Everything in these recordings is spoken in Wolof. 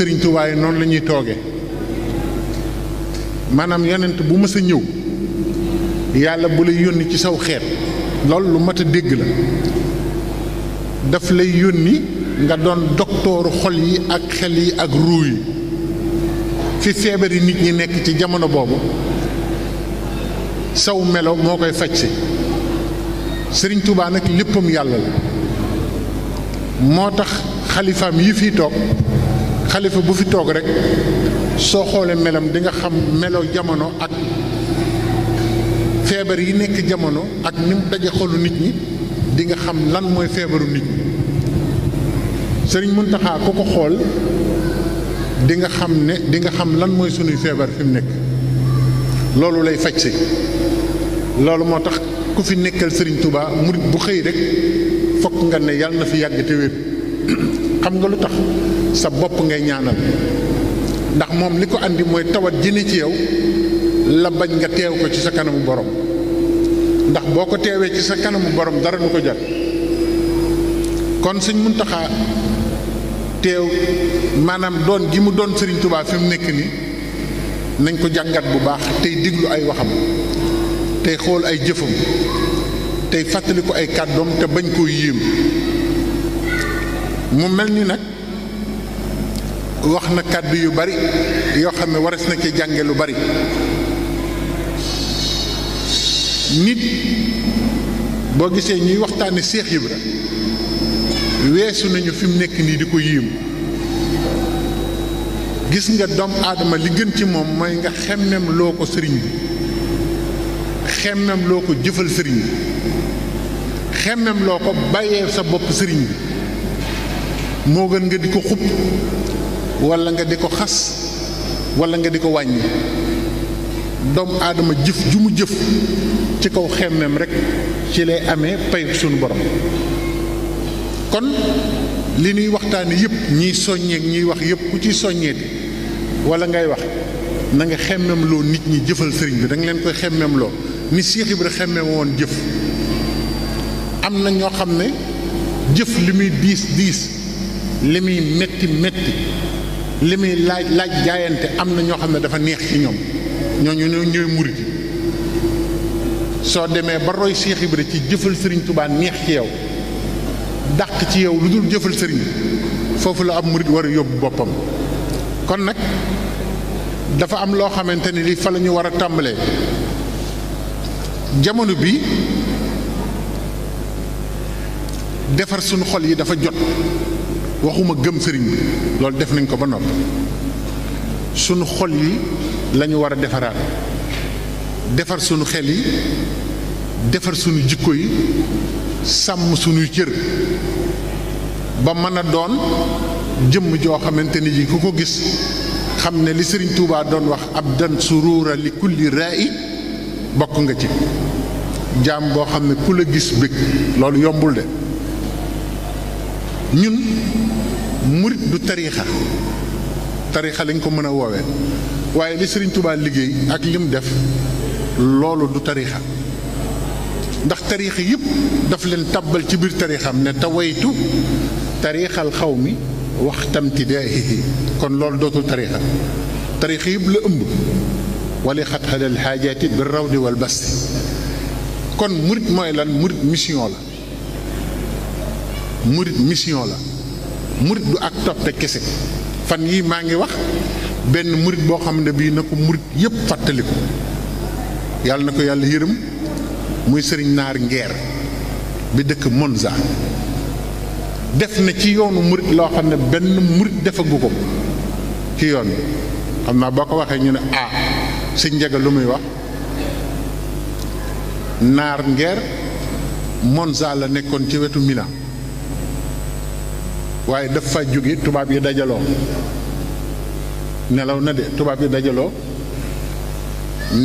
sëriñ Tuubaa noonu lañuy tooge maanaam yonent bu mës a ñëw yàlla bu lay yónni ci saw xeet lool lu mat a dégg la daf lay yónni nga doon doktooru xol yi ak xel yi ak ruur yi fi feebar nit ñi nekk ci jamono boobu saw melo moo koy faj si sëriñ Tuubaa nag léppam yàlla la moo tax xalifaam yi fiy toog khalifa bu fi tok rek so xolé melam di nga xam melo jamono ak febar yi nek jamono ak nim mu daje xolu nit ñi di nga xam lan moy febaru nit ñi serigne muntaha ko ko xol di nga xam ne di nga xam lan moy suñu febar fim nek nekk lay faj si loolu ku fi nekkal serigne Touba mourid bu xëy rek fokk nga ne yàlla na fi yàgg te wér xam nga lu tax sa bopp ngay ñaanal ndax moom li ko indi mooy tawat ji ci yow la bañ nga teew ko ci sa kanamu borom ndax boo ko teewee ci sa kanamu borom dara du ko jot kon sëñ taxa teew maanaam doon gi mu doon Sëriñ tubaab fi mu nekk ni nañ ko jàngat bu baax tey diglu ay waxam tey xool ay jëfam tey fàttali ko ay kàddoom te bañ koo yéem mu mel ni nag wax na kàddu yu bari yoo xam ne waras na ci jànge lu bari nit boo gisee ñuy waxtaane Seex Ibra weesu nañu fi mu nekk nii di ko yiim gis nga doom aadama li gën ci moom mooy nga xemmem loo ko sëriñ bi xemmem loo ko jëfal sëriñ bi xemmem loo ko bàyyee sa bopp sëriñ bi moo gën nga di ko xupp wala nga di ko xas wala nga di ko wàññi doomu jëf ju mu jëf ci kaw xemmem rek ci lay amee payub suñu borom kon li ñuy waxtaane yépp ñiy soññeeg ñiy wax yépp ku ci soññeeti wala ngay wax na nga xemmem loo nit ñi jëfal sëriñ bi da nga leen koy xemmem loo ni Cheikh Ibra xemmem woon jëf am na ñoo xam ne jëf li muy diis limi métti métti limi laaj laaj jaayante am na ñoo xam ne dafa neex ci ñoom ñooñu ñooy murit soo demee ba roy Cheikh Ibra ci jëfal sëriñ Tuubaa neex ci yow dàq ci yow lu dul jëfal sëriñ foofu la ab murit war a yóbbu boppam kon nag dafa am loo xamante ni li fa la ñu war a tàmbalee jamono bi defar suñu xol yi dafa jot waxuma gëm sëriñ bi loolu def nañ ko ba nopp sunu xol yi lañu war a defaraat defar sunu xel yi defar sunu jikko yi sàmm sunuy cër ba mën a doon jëmm joo xamante ni yi ku ko gis xam ne li sëriñ tuubaa doon wax ab dan suruura li kulli ra'i bokk nga ci jaam boo xam ne ku la gis bëgg loolu yombul de ñun murit du tariixa tariixa lañ ko mën a woowee waaye li Sëriñ Tuubaa liggéey ak lim def loolu du tariixa ndax tariixa yëpp daf leen tàbbal ci biir tariixam ne tawaytu tariixal xaw mi waxtam tidaahihi kon loolu dootul tariixa tariixa yëpp la ëmb wali xat xalal xaajaati bi rawdi wal basti kon murit mooy lan murit mission la murit mission la murit du ak toppe kese fan yii maa ngi wax benn murit boo xam ne bii na ko murit yëpp fàttaliku yàlla na ko yàlla yërëm muy sëriñ naar ngeer bi dëkk monsa def na ci yoonu murit loo xam ne benn murit defagu ko ci yoon bi xam naa boo ko waxee ñu ne ah si njega lu muy wax naar ngeer Monza la nekkoon ci wetu Milan waaye daf fa jóge tubaab yi dajaloo nelaw na de tubaab yi dajaloo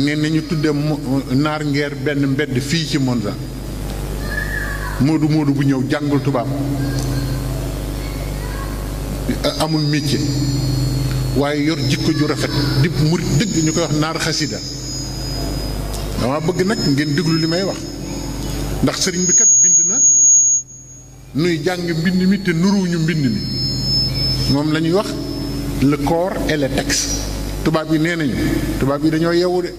ne nañu tudde naar ngeer benn mbedd fii ci monza moodu moodu bu ñëw jàngul tubaab amul métier waaye yor jikko ju rafet di murit dëgg ñu koy wax naar xasida dama bëgg nag ngeen déglu li may wax ndax sëriñ bi kat nuy jang mbind mi te ñu mbind mi mom lañuy wax le corps et le texte tubaab bi nee nañu bi yi dañoo yewu de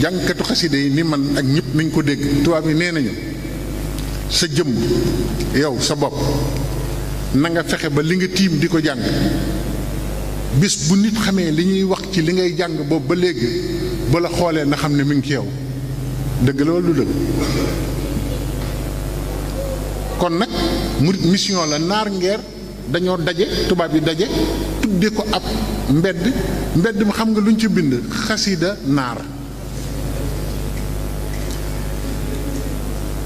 jang ni man ak ñepp nañ ko deg tubaab bi nee sa jëm yow sa bop na nga fexé ba li nga tim di ko bis bu nit xamé li ñuy wax ci li ngay jang bo ba légui la na xamné mi ngi yow deug la kon nag murit mission la naar ngeer dañoo daje tubaab yi daje tudde ko ab mbedd mbedd mi xam nga lu ñu ci bind xasida naar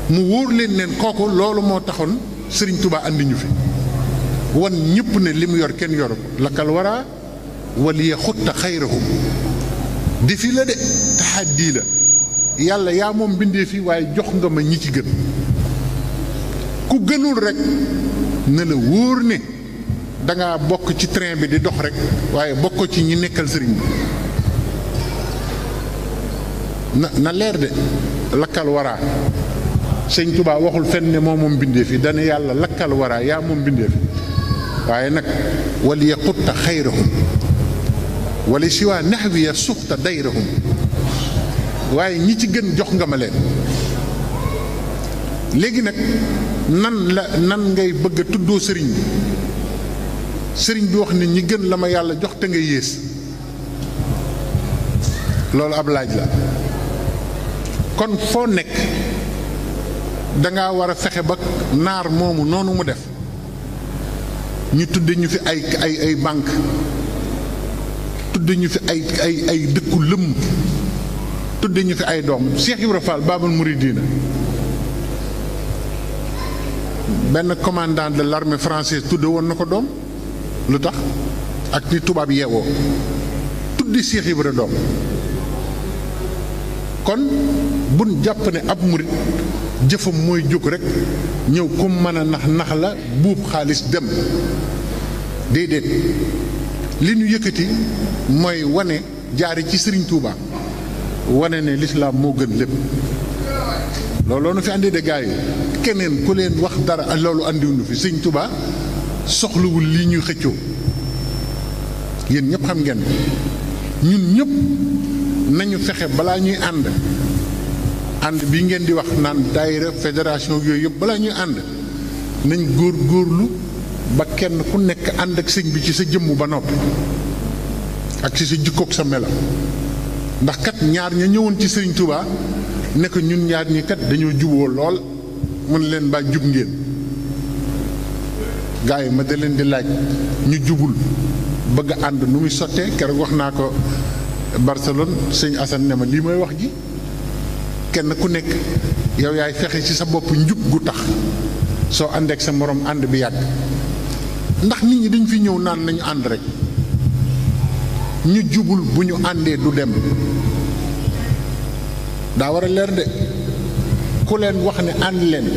mu wóor leen neen kooku loolu moo taxoon sëriñ tubaa andi ñu fi wan ñëpp ne li mu yor kenn yoru ko lakkal wara waliya xutta xayrahu di fi la de taxaddi la yàlla yaa moom bindee fi waaye jox nga ma ñi ci gën ku gënul rek na la wóor ne da nga bokk ci train bi di dox rek waaye bokkoo ci ñi nekkal sëriñ bi na na leer de lakkal wara sëñ tuba waxul fenn ne moo moom bindee fi dana yàlla lakkal wara yaa moom bindee fi waaye nag wal yaqutta xayrahum wali siwaa naxwiya suxta dayrahum waaye ñi ci gën jox nga ma leen léegi nag nan la nan ngay bëgg tuddo sëriñ bi sëriñ bi wax ni ñi gën lama ma yàlla jox te ngay yees loolu ab laaj la kon foo nekk danga war a fexe ba naar moomu noonu mu def ñu tudde ñu fi ay ay ay banque tudde ñu fi ay ay ay dëkku lëmm tudde ñu fi ay doom Cheikh Ibra Fall Babal Mouridina benn commandant de l'armée française tudde woon na ko doom lu tax ak ni tubaab yeewoo tuddi Cheikh Ibra doom kon buñ jàpp ne ab murit jëfam mooy jóg rek ñëw ku mën a nax nax la buub xaalis dem déedéet li ñu yëkkati mooy wane jaari ci sëriñ tuuba wane ne lislaam moo gën lépp looloo nu fi andi de gaay keneen ku leen wax dara loolu andiwuñu fi sëñ Touba soxlawul lii ñuy xëccoo yéen ñëpp xam ngeen ñun ñëpp nañu fexe balaa ñuy ànd ànd bi ngeen di wax naan daayira fédération yooyu yëpp balaa ñuy ànd nañ góor góorlu ba kenn ku nekk ànd ak sëñ bi ci sa jëmm ba noppi ak ci sa jikkoog sa melo ndax kat ñaar ña ñëwoon ci sëriñ Touba ne ñun ñaar ñi kat dañoo juboo lool mun leen baa jub ngeen gars yi ma da leen di laaj ñu jubul bëgg ànd nu muy sottee keroog wax naa ko Barcelone sëñ Assane ne ma mooy wax ji kenn ku nekk yow yaay fexe ci sa bopp njub gu tax soo àndeek sa moroom ànd bi yàgg ndax nit ñi dañ fi ñëw naan nañu ànd rek ñu jubul bu ñu àndee du dem daa war a leer de ku leen wax ne ànd leen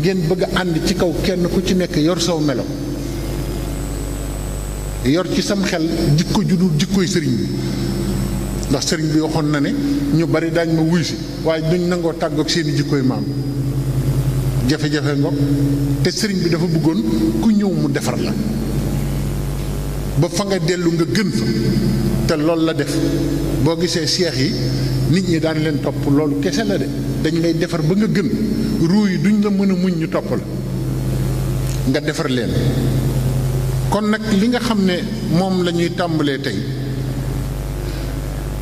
ngeen bëgg ànd ci kaw kenn ku ci nekk yor saw melo yor ci sam xel jikko ju dul jikkoy sëriñ bi ndax sëriñ bi waxoon na ne ñu bari daañ ma wuy si waaye duñ nangoo tàggoog seeni jikkoy maam jafe-jafe ngoog te sëriñ bi dafa bëggoon ku ñëw mu defar la ba fa nga dellu nga gën fa te loolu la def boo gisee seex yi nit ñi daan leen topp loolu kese la de dañ lay defar ba nga gën ruu yi duñ la mën muñ ñu topp nga defar leen kon nag li nga xam ne moom lañuy tàmbalee tey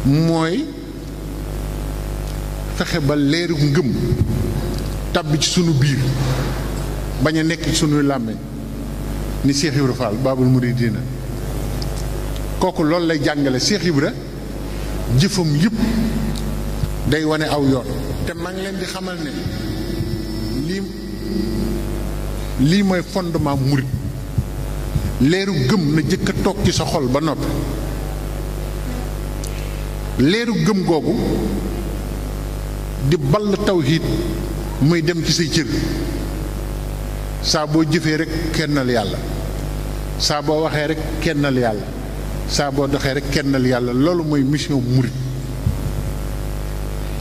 mooy fexe ba leeru ngëm tàbbi ci sunu biir bañ a nekk sunuy làmmeñ ni Cheikh Ibra Fall Baabul na kooku loolu lay jàngale Cheikh Ibra jëfam yépp day wane aw yoon te maa leen di xamal ne lii lii mooy fondement murit leeru gëm na jëkk a toog ci sa xol ba noppi leeru gëm googu di taw tawhiid muy dem ci say cër saa boo jëfee rek kennal yàlla saa boo waxee rek kennal yàlla saa boo doxee rek kennal yàlla loolu mooy mission murit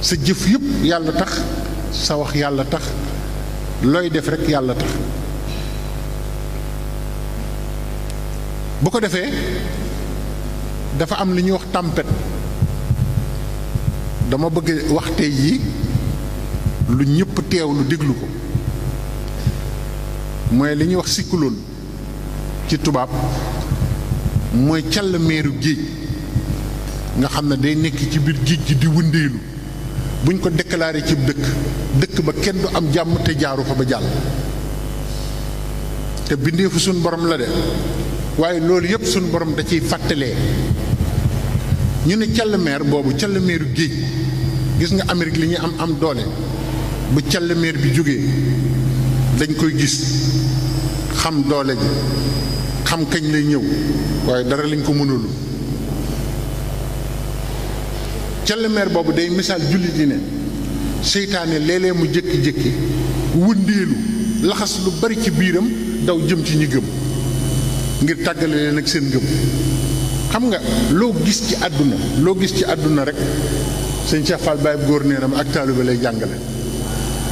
sa jëf yëpp yàlla tax sa wax yàlla tax looy def rek yàlla tax bu ko defee dafa am li ñuy wax tàmpet dama bëgg waxte tey yi lu ñëpp teew lu déglu ko mooy li ñuy wax cyclone ci tubaab mooy càll meeru géej nga xam ne day nekk ci biir géej gi di wëndeelu buñ ko déclaré ci dëkk dëkk ba kenn du am jàmm te jaaru fa ba jàll te bindeefu suñ borom la de waaye loolu yëpp suñ borom da ciy fàttalee ñu ne calmeer boobu calmeeru géej gis nga Amérique li ñuy am am doole bu calmeer bi jógee dañ koy gis xam doole ji xam kañ lay ñëw waaye dara lañ ko mënul càllmeer boobu day misaal jullit yi ne seytaane léeg mu jékki-jékki wundeelu laxas lu bari ci biiram daw jëm ci ñu gëm ngir tàggale leen ak seen gëm xam nga loo gis ci àdduna loo gis ci àdduna rek sëñ Cheikh Fall góor nee na ma ak taalibe lay jàngale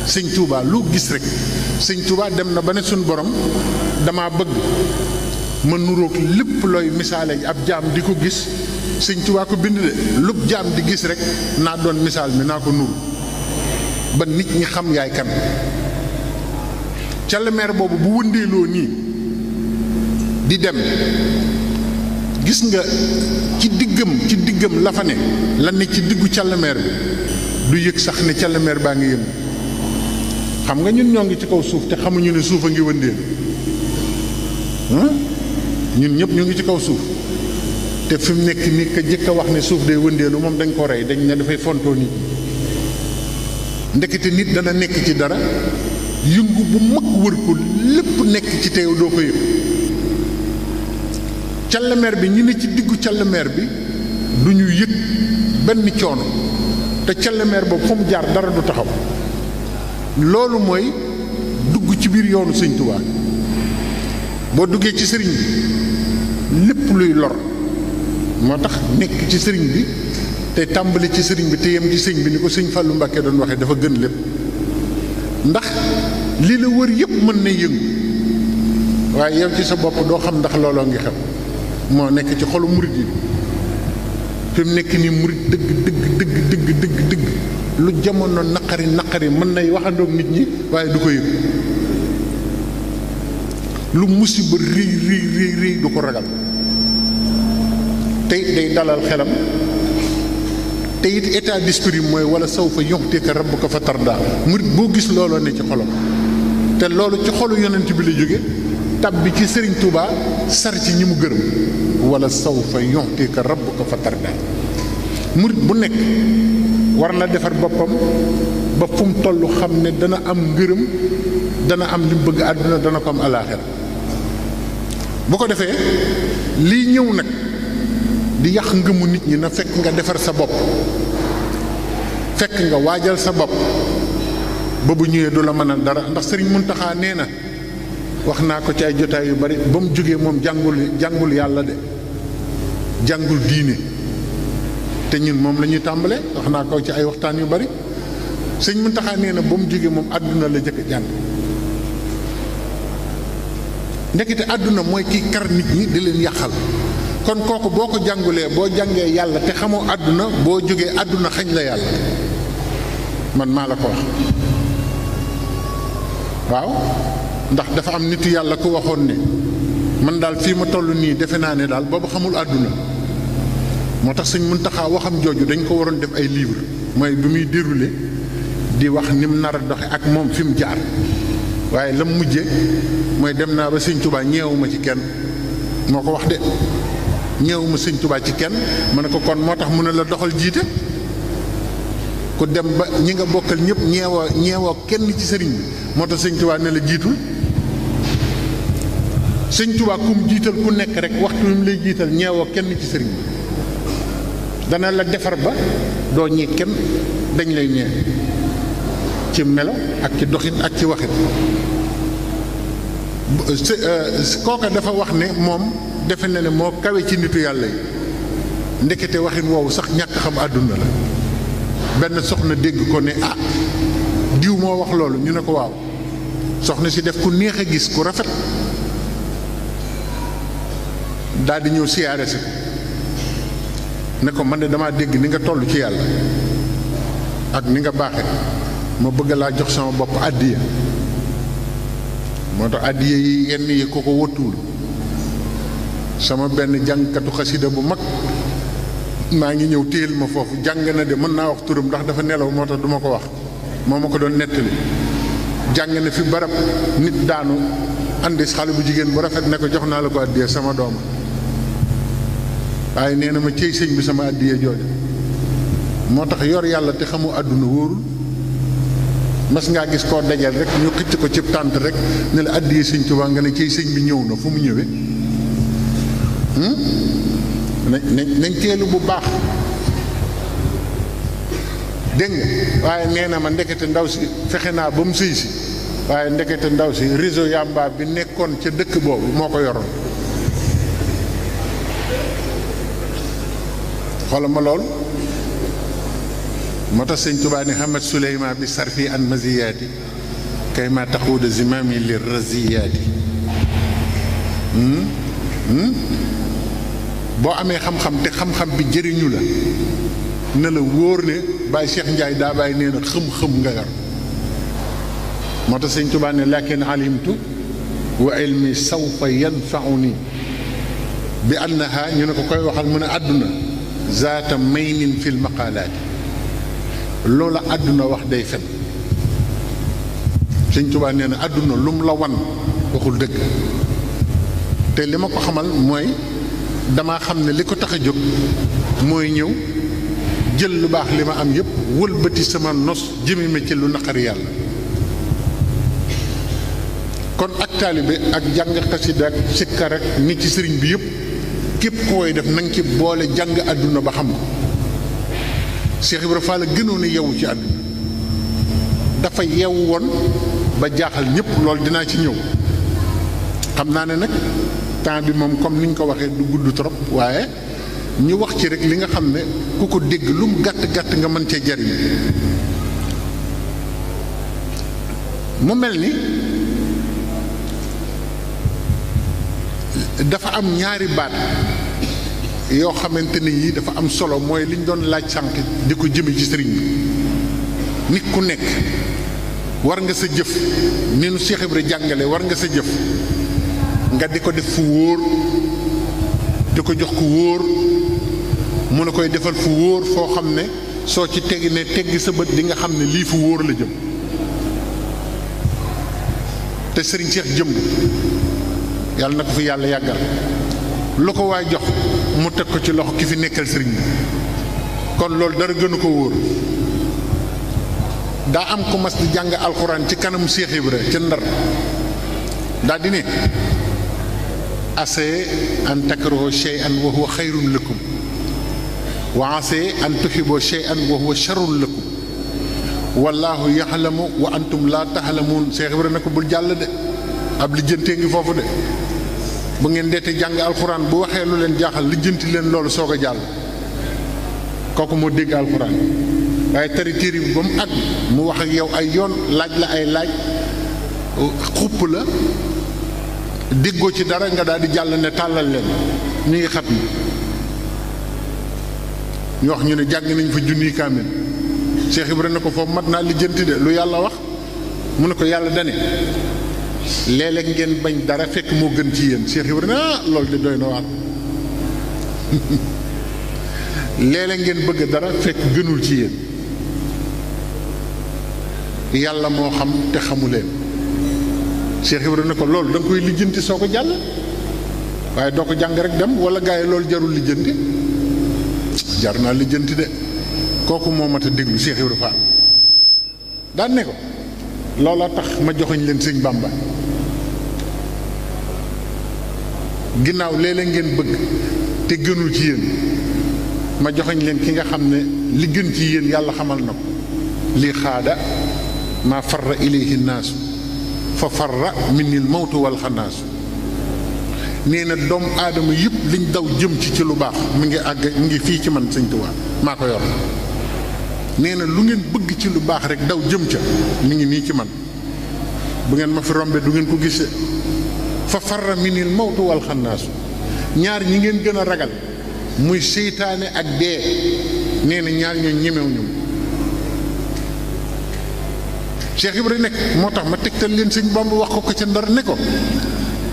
sëñ tuubaa loo gis rek sëñ Touba dem na ba ne suñu borom dama bëgg ma nuroog lépp looy misaale ab jaam di ko gis sëñ Tuubaa ko bind de lub jaam di gis rek naa doon misaal mi naa ko nuru ba nit ñi xam yaay kan ca boobu bu wëndeeloo nii di dem gis nga ci diggam ci diggam lafane lan ne ci diggu càllameer bi du yëg sax ne càllameer baa ngi yëm xam nga ñun ñoo ngi ci kaw suuf te xamuñu ne suuf a ngi wëndeel hmm? ñun ñëpp ñu ngi ci kaw suuf te fi mu nekk ni ka jëkk wax ne suuf day wëndeelu moom dañ ko rey dañ ne dafay fontoo nit ndekete nit dana nekk ci dara yëngu bu mag wër ko lépp nekk ci teew doo ko yëg càllameer bi ñu ne ci diggu càllameer bi du ñu yëg benn coon te càllameer boobu fa mu jaar dara du taxaw loolu mooy dugg ci biir yoonu sëñ boo duggee ci sëriñ lépp luy lor moo tax nekk ci sëriñ bi te tàmbali ci sëriñ bi te yem ci sëriñ bi ni ko sëriñ Fallou Mbacké doon waxee dafa gën lépp ndax lii la wër yépp mën na yëngu waaye yow ci sa bopp doo xam ndax looloo ngi xam moo nekk ci xolu murit yi fi nekk nii murit dëgg dëgg dëgg dëgg dëgg dëgg lu jamono naqari naqari mën nay waxandoog nit ñi waaye du ko yëg lu musiba rëy rëy rëy rëy du ko ragal te it day dalal xelam te it état d'esprit mooy wala saw fa yu'tika ko fa tarda murit boo gis looloo ne ci xolam te loolu ci xolu yonent bi la jóge tab bi ci Serigne Touba sar ci ñi mu gërëm wala saw fa yu'tika ko fa tarda murit bu nekk war na defar boppam ba fu mu xam ne dana am ngërëm dana am li bëgg àdduna dana ko am alaaxira bu ko defee lii ñëw nag di yàq ngëmu nit ñi na fekk nga defar sa bop fekk nga wajal sa bop ba bu ñëwee du la mëna dara ndax sëriñ muntaxaa nee waxna ko ci ay jotaay yu bari bam mu mom jangul jangul yalla dé jangul diiné té ñun mom lañuy tambalé waxna ko ci ay waxtaan yu bari sëriñ muntaxaa nee bam ba mom aduna la jëk jang nekité aduna moy ki kar nit ñi di leen yaxal kon kooku boo ko jàngulee boo jàngee yàlla te xamoo àdduna boo jógee àdduna xañ la yàlla man maa la ko wax waaw ndax dafa am nit yàlla ku waxoon ne man daal fii ma toll nii defe naa ne daal boobu xamul àdduna moo tax sëñ Muntaxa waxam jooju dañ ko waroon def ay livre mooy bi muy déroulé di wax ni mu nar a doxe ak moom fi mu jaar waaye la mujje mooy dem naa ba sëñ Tuubaa ñeewuma ci kenn moo ko wax de ñëwuma sëñ Tuubaa ci kenn ma ne ko kon moo tax mu ne la doxal jiite ku dem ba ñi nga bokkal ñépp ñeewoo ñeewoo kenn ci sëriñ bi moo tax sëñ Tuubaa ne la jiitul sëñ Tuubaa kum jiital ku nekk rek waxtu wi mu lay jiital ñeewoo kenn ci sëriñ bi dana la defar ba doo ñi kenn dañ lay ñeew ci melo ak ci doxin ak ci waxin euh, kooka dafa wax ne moom defe na ne moo kawe ci nitu yàlla yi ndekete waxin woowu sax ñàkk xam àdduna la benn soxna dégg ko ne ah diw moo wax loolu ñu ne ko waaw soxna si def ku neex a gis ku rafet daldi ñëw siyaare si ne ko man ne damaa dégg ni nga toll ci yàlla ak ni nga baaxe ma bëgg laa jox sama bopp àddiya moo tax àddiya yi yenn yi ko ko wëttuwul sama benn jàngkatu xasida bu mag maa ngi ñëw téyel ma foofu jàng na de mën naa wax turum ndax dafa nelaw moo tax du ma ko wax moo ma ko doon nettali jàng na fi barab nit daanu andi xale bu jigéen bu rafet ne ko jox naa la ko addiya sama dooma waaye nee na ma cey sëñ bi sama addiya jooju moo tax yor yàlla te xamu àdduna wóorul mas nga gis ko dajal rek ñu xicc ko cib tànt rek ne la addiya sëñ tuba nga ne cey sëñ bi ñëw na fu mu ñëwee Hmm? nañ nañ teelu bu baax dégg nga waaye nee na ma ndekete ndaw si fexe naa ba mu sëy si waaye ndekete ndaw si réseau yamba bi nekkoon ca dëkk boobu moo ko yoroon xoola ma lool moo tax sëñ Tuubaa ni bi sarfi an maziyaati kay ma taxuuda zimaami li raziyaati hmm? Hmm? bo amé xam-xam te xam-xam bi jëriñu la na la wóor ne bay Cheikh ndjay da bay néna xam-xam nga yar moo seigne touba ne lakin alimtu wa ilmi sawfa yanfauni bi annaha ñu ne ko koy waxal mu ne àdduna zaata maynin fil maqalat lola aduna wax day fet seigne touba néna aduna lum la wan waxul deug te li ko xamal moy dama xam ne li ko tax a jóg mooy ñëw jël lu baax li ma am yépp wëlbati sama nos jëmime ci lu naqari yàlla kon ak taalibe ak jàng xasida ak sikkar ni ci sëriñ bi yépp képp ku koy def na ci boole jàng àdduna ba xam ko Cheikh Ibra Fall gënoon a ci àdduna dafa yew woon ba jaaxal ñépp loolu dinaa ci ñëw xam naa ne nag temps bi mom comme niñ ko waxé du gudd trop wayé ñu wax ci rek li nga xamné ku ko dégg lu mu gatt gatt nga mën ci mu melni ni dafa am ñaari baat yo xamanteni yi dafa am solo moy liñ doon laaj sank di jëmi ci sëriñ bi nit ku nekk war nga sa jëf ni nu Cheikh ibrahim jangale war nga sa jëf nga diko def fu wóor diko jox ku wóor mu ne koy defal fu wóor foo xam ne soo ci tegi ne teggi sa bët di nga xam ne lii fu wóor la jëm te sëriñ seex jëmb yàlla na ko fi yàlla yàggal lu ko waay jox mu teg ko ci loxo ki fi nekkal sëriñ bi kon loolu dara gënu ko wóor daa am ko mas di jàng alxuraan ci kanam cheikh ibra ci ndar daa di ne asee an takrahu shay'an wa huwa xayrun lakum wa asee an tuxibu wa huwa sharrun lakum wallaahu yaxlamu wa antum laa taxlamuun Seex Ibra ne ko bul jàll de ab lijjantee ngi foofu de bu ngeen deete jàng alxuraan bu waxee lu leen jaaxal lijjanti leen loolu soog a jàll kooku moo dégg alxuraan waaye tari téere bi ba mu àgg mu wax ak yow ay yoon laaj la ay laaj xupp la déggoo ci dara nga daal di jàll ne tàllal leen ñu ngi xat ñu wax ñu ne jàng nañu fa junniy kaamil Cheikh Ibrahima ne ko foofu mat naa lijjanti de lu yàlla wax mu ne ko yàlla dane léeg ngeen bañ dara fekk moo gën ci yéen Cheikh Ibrahima ah loolu de doy na waar ngeen bëgg dara fekk gënul ci yéen yàlla moo xam te xamu leen Cheikh ne ko loolu da nga koy lijjanti soo ko jàll waaye doo ko jàng rek dem wala gars yi loolu jarul lijjanti jar naa lijjanti de kooku moo mat a déglu Cheikh Ibrahima daan ne ko loola tax ma joxoñ leen sëñ Bàmba ginnaaw léeg-léeg ngeen bëgg te gënul ci yéen ma joxoñ leen ki nga xam ne li gën ci yéen yàlla xamal na ko li xaada maa farra ilayhi naasu fa farra min il mawtu wal xanaas na doomu aadama yëpp liñ daw jëm ci ci lu baax mi ngi àgg mi ngi fii ci man sëñ Tuubaa maa ko yor nee na lu ngeen bëgg ci lu baax rek daw jëm ca mi ngi nii ci man bu ngeen ma fi rombe du ngeen ko gisee fa farra min il mawtu ñaar ñi ngeen gën a ragal muy seytaane ak dee nee na ñaar ñoo ñemewuñu ceex yi Ibra nekk moo tax ma tegtal leen sëñ Bamba wax ko ko ca ndar ne ko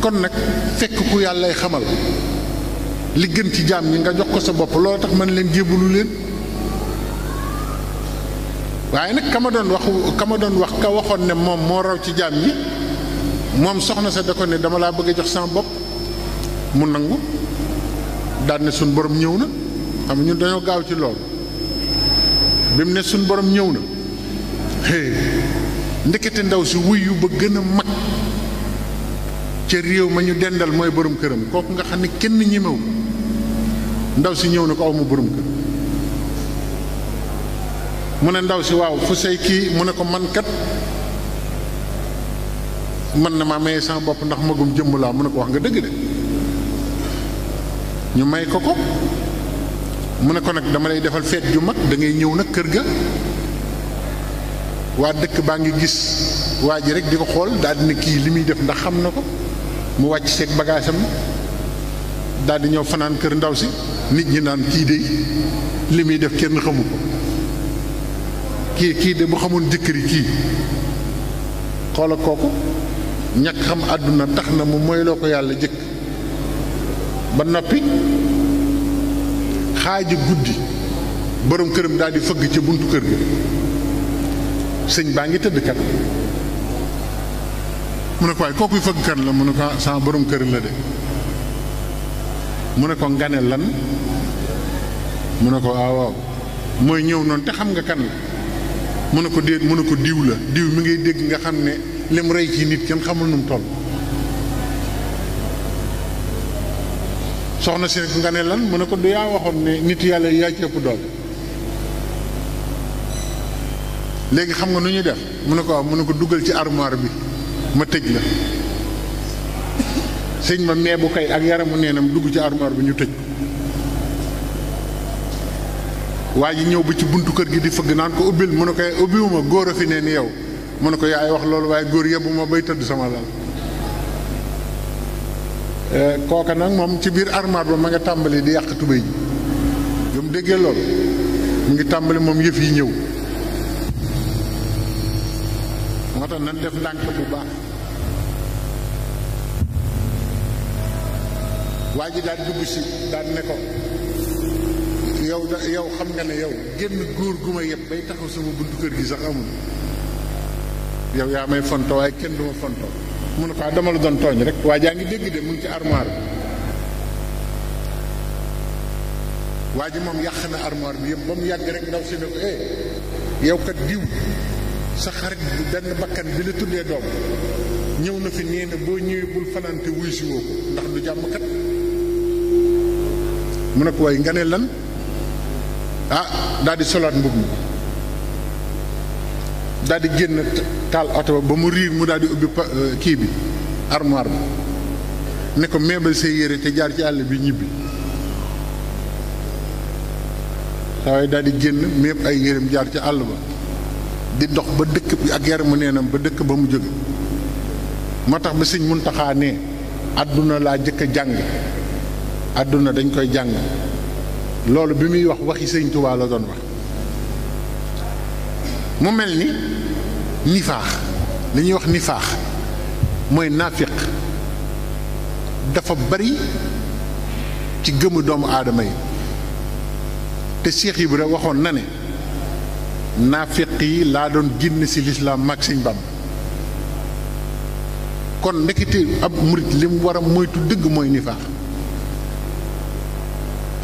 kon nag fekk ku yàllay xamal li gën ci jaam yi nga jox ko sa bopp loolu tax man leen jébbalu leen waaye nag ka ma doon wax ka ma doon wax ka waxoon ne moom moo raw ci jaam ñi moom soxna sa da ko ne dama laa bëgg a jox sama bopp mu nangu daan ne suñ boroom ñëw na xam ñu dañoo gaaw ci loolu bi mu ne suñ borom ñëw na ndekete ndaw si wuyu ba gën a mag ca réew ma ñu dendal mooy borom këram kooku nga xam ne kenn ñemewu ndaw si ñëw na ko aw ma borom kër mu ne ndaw si waaw fu say kii mu ne ko mankat kat man na maa maye sama bopp ndax magum jëmm laa mu ne ko wax nga dëgg de ñu may ko ko mu ne ko nag dama lay defal feet ju mag dangay ñëw nag kër ga waa dëkk baa ngi gis waa ji rek di ko xool daal di kii li muy def ndax xam na ko mu wàcc seeg bagaasam am daal di ñëw fanaan kër ndaw si nit ñi naan kii de li muy def kenn xamu ko kii kii de bu xamoon jëkkëri kii xoola kooku ñàkk xam àdduna tax na mu moyloo ko yàlla jëkk ba noppi xaaji guddi borom këram daal di fëgg ca buntu kër ga sëñ baa ngi tëdd kat mu ne ko waaye kookuy fëgg kan la mun ne ko ah, sama borom kër la de mu ne ko ngane lan mu ne ko ah, waaw mooy ñëw noonu te xam nga kan la mu ne ko déet mu ne ko diw la diw mu ngay dégg nga xam ne lim rey ci nit kenn xamul nu mu toll soxna si ne ko ngane lan mu ne ko du yaa waxoon ne nit yàlla yaa ci ëpp legi xam nga nuñu def mu ko waaw ko duggal ci armoire bi ma tejj la señ ma meebu kay ak yaramu neenam dugg ci armoire bi ñu tejj waji ñew bu ci buntu kër gi di fëgg naan ko ubil mu ko eh, ubbiwuma fi neen yow mu ko yaay wax loolu way goor yebuma bay tedd sama lal eh, koka nak mom ci bir armoire ba ma nga tambali di yàq tubey ji ba mu déggee loolu mu ngi tambali mom yëf yi ñew tax nan def ndànk bu baax waa ji daal dugg si daal ne ko yow da yow xam nga ne yow génn góor gu ma yëpp bay taxaw sama buntu kër gi sax amul yow yaa may fonto waaye kenn du ma fonto mu ne ko ah, dama la doon tooñ rek waa jaa ngi dégg de mu ci armoire bi waa ji moom yàq na armoire bi yëpp ba mu yàgg rek ndaw si ne ko eh yow kat diw sa xarit benn bakkan bi la tuddee doom ñëw na fi nee na boo ñëwee bul fanaante wuy si woo ko ndax du jàmm kat mu ne ko waaye ngane lan ah daal di solaat mbub mi daal génn taal oto ba mu riir mu daal di ubbi euh, kii bi armoire bi ne ko meebal say yére te jaar ci àll bi ñibbi saa waaye daal génn meeb ay yéreem jaar ci àll ba di dox ba dëkk bi ak yaramu neenam ba dëkk ba mu jóge moo tax ba sëñ Muntaxa ne àdduna laa jëkk a jàng àdduna dañ koy jàng loolu bi muy wax waxi sëñ Tuubaa doon wax mu mel ni nifaax li ñuy wax nifaax mooy naafiq dafa bari ci gëmm doomu aadama yi te yi bu Ibra waxoon na ne naafiq yi laa doon génn ci lislaam mag Sëñ Bàmb kon ndekete ab murit li mu moytu dëgg mooy nifaax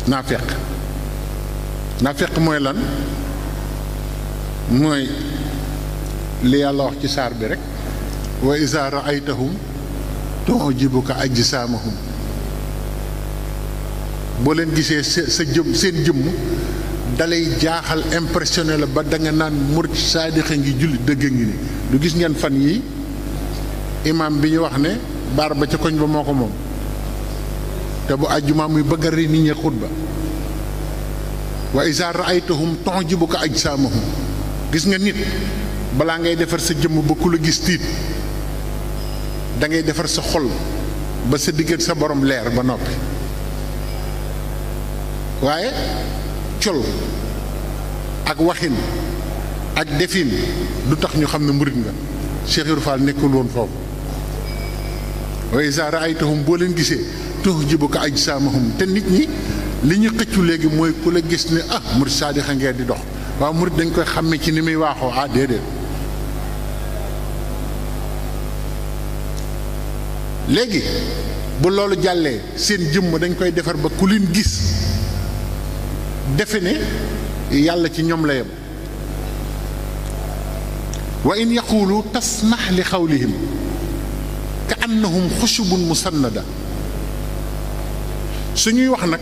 naafiq naafiq mooy lan mooy li yàlla wax ci saar bi rek wa izaa ra'aytahum tu'jibuka ajsaamahum boo leen gisee sa sa jëm seen jëmm dalay jaaxal impressionné la ba da nga naan murid sadiq ngi julli deug ngi ni du gis ngeen fan yi imam bi ñu wax ne baar ba ca koñ ba moko mom te bu aljuma muy bëgg ri nit ñi khutba wa iza ra'aytuhum tujibuka ajsamuhum gis nga nit bala ngay defar sa jëm ba ku la gis tit da ngay defar sa xol ba sa sa borom leer ba noppi waaye col ak waxin ak defin du tax ñu xam ne murit nga Cheikh Ibra nekkul woon foofu wa iza raaytahum boo leen gisee tuhjibuka ajsaamahum te nit ñi li ñu xëccu léegi mooy ku la gis ne ah murit saadixa ngeen di dox waaw murit dañ koy xàmme ci ni muy waaxoo ah déedéet léegi bu loolu jàllee seen jëmm dañ koy defar ba ku leen gis defe ne yàlla ci ñoom la yem wa in yaqulu tasmax li xawlihim ka annahum xushubun musannada suñuy wax nag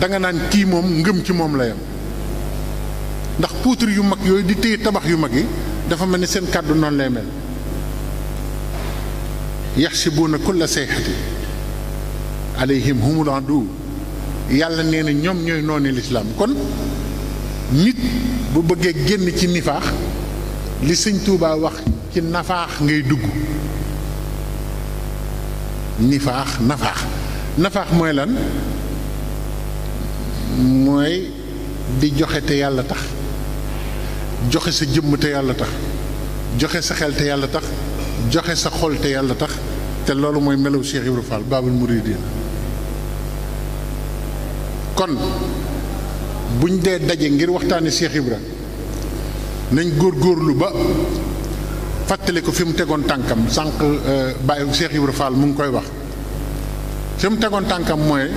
danga naan kii moom ngëm ci moom la yem ndax poutre yu mag yooyu di téye tabax yu mag yi dafa mel ni seen kàddu noonu lay mel yaxsibuuna kulla sayxati alayhim humul aduw yàlla nee na ñoom ñooy noonu lislaam kon nit bu bëggee génn ci nifaax li sëñ Tuubaa wax ci nafaax ngay dugg nifaax nafaax nafaax mooy lan mooy di joxe te yàlla tax joxe sa jëmm te yàlla tax joxe sa xel te yàlla tax joxe sa xol te yàlla tax te loolu mooy melow Cheikh Ibrahima Fall Baabul Muridiin kon buñ dee daje ngir waxtaane Cheikh Ibra nañ góor góorlu ba fàttali ko fi mu tegoon tànkam sànq euh, bàyyi Cheikh Ibra Fall mu ngi koy wax fi mu tegoon tànkam mooy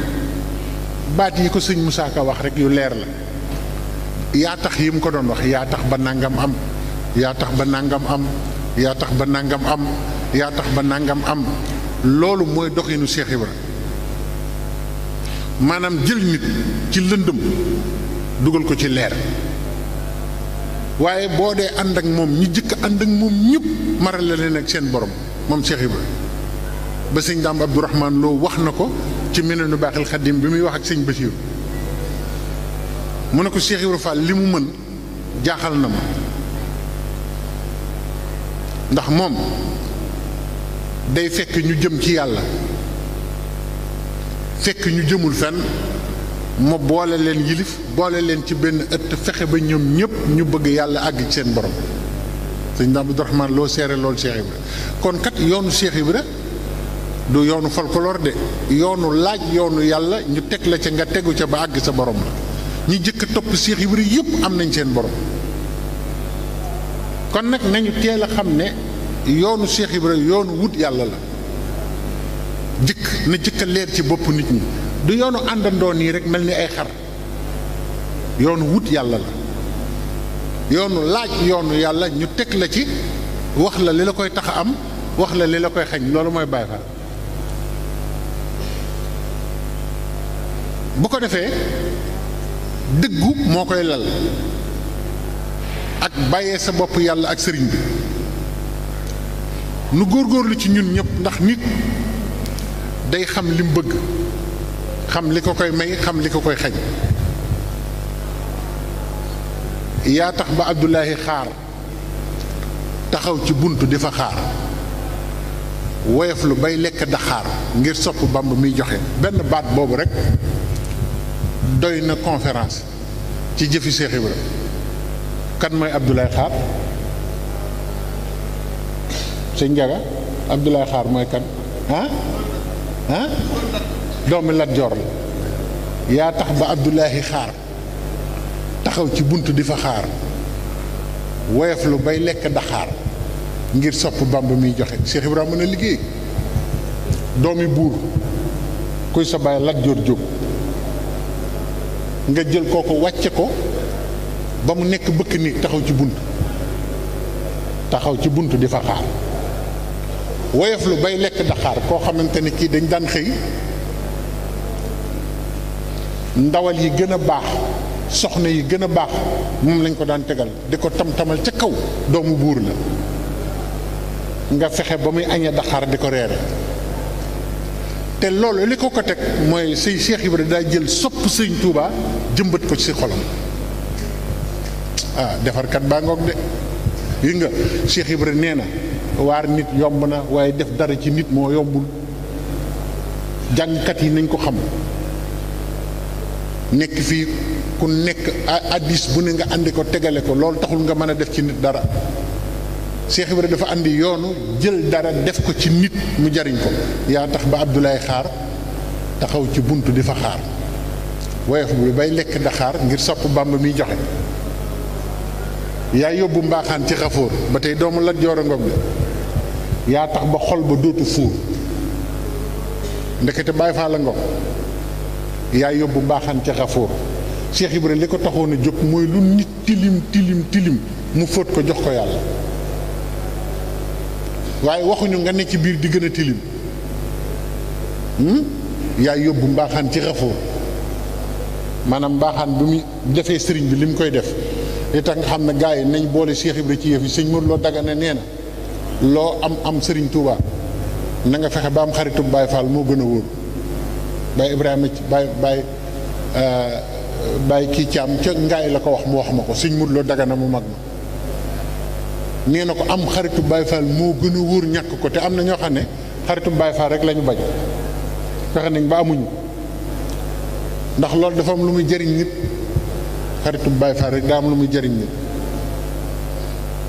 baat yi ko sëñ Moussa Ka wax rek yu leer la yaa tax yi mu ko doon wax yaa tax ba nangam am yaa tax ba nangam am yaa tax ba nangam am yaa tax ba nangam am loolu mooy doxinu Cheikh Ibra maanaam jël nit ci lëndëm dugal ko ci leer waaye boo dee ànd ak moom ñi jëkk ànd ak moom ñëpp maral la leen ak seen borom moom Cheikh Ibrahima ba sëñ Daam Abdourahman loo wax na ko ci menenu baaxil xaddim bi muy wax ak sëñ Basiiru mu ne ko Cheikh Ibrahima li mu mën jaaxal na ma ndax moom day fekk ñu jëm ci yàlla fekk ñu jëmul fenn ma boole leen yilif boole leen ci benn ëtt fexe ba ñoom ñëpp ñu bëgg yàlla àgg seen borom sëñ Abdourahmane loo seere loolu Cheikh Ibra kon kat yoonu Cheikh re du yoonu folklore de yoonu laaj yoonu yàlla ñu teg la ca nga tegu ca ba àgg sa borom la ñi jëkk topp Cheikh Ibra yëpp am nañ seen borom kon nag nañu teel a xam ne yoonu Cheikh Ibra yoonu wut yàlla la jëkk na jëkka leer ci bopp nit ñi du yoonu àndandoo nii rek mel ni ay xar yoonu wut yàlla la yoonu laaj yoonu yàlla ñu teg la ci wax la li la koy tax a am wax la li la koy xañ loolu mooy Baay Faal bu ko defee dëggu moo koy lal ak bàyyee sa bopp yàlla ak sëriñ bi nu góorgóorlu ci ñun ñëpp ndax nit day xam li mu bëgg xam li ko koy may xam li ko koy xañ yaa tax ba Abdullahi xaar taxaw ci bunt di fa xaar woyof lu bay lekk daxaar ngir sopp bamb muy joxe benn baat boobu rek doy na conférence ci jëfi Seex Ibra kan mooy Abdoulaye Xaar sëñ Njaga Abdoulaye Xaar mooy kan ah ah doomi Lat ya tax ba Abdullahi xaar taxaw ci buntu di fa xaar woyof lu bay da daxaar ngir sop bamb mi joxe Cheikh ibrahim na a liggéey doomi buur kuy sa bay la jor jog nga jël koko ko ba mu bëkk ni taxaw ci buntu taxaw ci buntu di woyof lu bay lekk daxaar koo xamante ni kii dañ daan xëy ndawal yi gën a baax soxna yi gën a baax moom lañ ko daan tegal di ko tam-tamal ca kaw doomu buur la nga fexe ba muy añee daxaar di ko reere te loolu li ko ko teg mooy say Cheikh Ibra daa jël sopp sëñ Touba jëmbat ko ci xolam ah defarkat baa ngoog de yi nga Cheikh Ibra nee na war nit yomb na waye def dara ci nit mo yombul kat yi nañ ko xam nek fi ku nek addis bu ne nga andi ko tegale ko lol taxul nga mën a def ci nit dara cheikh ibrahim dafa andi yoonu jël dara def ko ci nit mu jariñ ko ya tax ba abdoulaye xaar taxaw ci buntu di fa xaar wayef bu bay da daxaar ngir sopp bàmb mi joxe ya yobbu mbaxan ci xafoor batay doomu lat joora ngog yaa tax ba xol ba dootu fuur ndekete bàyyi faa la nga yaa yóbbu mbaaxaan ca xafoor Cheikh Ibrahima li ko taxoon a jóg mooy lu nit tilim tilim tilim mu fóot ko jox ko yàlla waaye waxuñu nga ne ci biir di gën a tilim hmm? yaa yóbbu mbaaxaan ci xafoor maanaam mbaaxaan bi mu defee sëriñ bi li mu koy def li tax nga xam ne gars yi nañ boole Cheikh Ibrahima ci yëf yi suñ Mor loo daga ne nee lo am am Serigne Touba na nga fexé ba am xaritou Baye Fall mo gëna woor bay Baye Ibrahima Baye Baye euh, Baye ki Thiam ci Ngaay la ko wax mu wax mako Serigne mudlo Dagana mu mag ma am xaritou Baye Fall mo gëna woor ñak ko té am ño ñoo xaritou ne Baye Fall rek lañu bañ fexe nañ ba amuñu ndax lool dafa am lu muy jëriñ nit xaritou Baye Fall rek da am lu muy jëriñ nit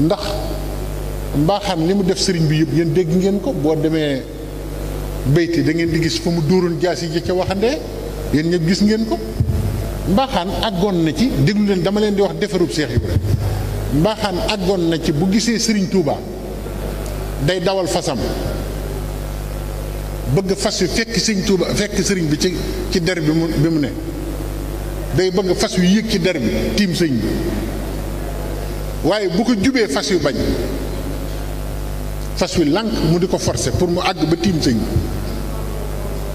ndax mbaxam limu def serigne bi yeb yeen deg ngeen ko bo demé beyti da ngeen di gis fu mu doorun jaasi ji ci waxande yeen ñep gis ngeen ko mbaxan agon na ci deglu len dama len di wax defarub cheikh ibrahim mbaxan agon na ci bu gisee serigne touba day dawal fasam bëgg fas yu fekk serigne touba fekk serigne bi ci ci der bi mu bi ne day bëgg fas yu yek ci der tim serigne bi waaye bu ko jubé fas yu bañ fas wi lànk mu di ko forcer pour mu àgg ba tiim sëñ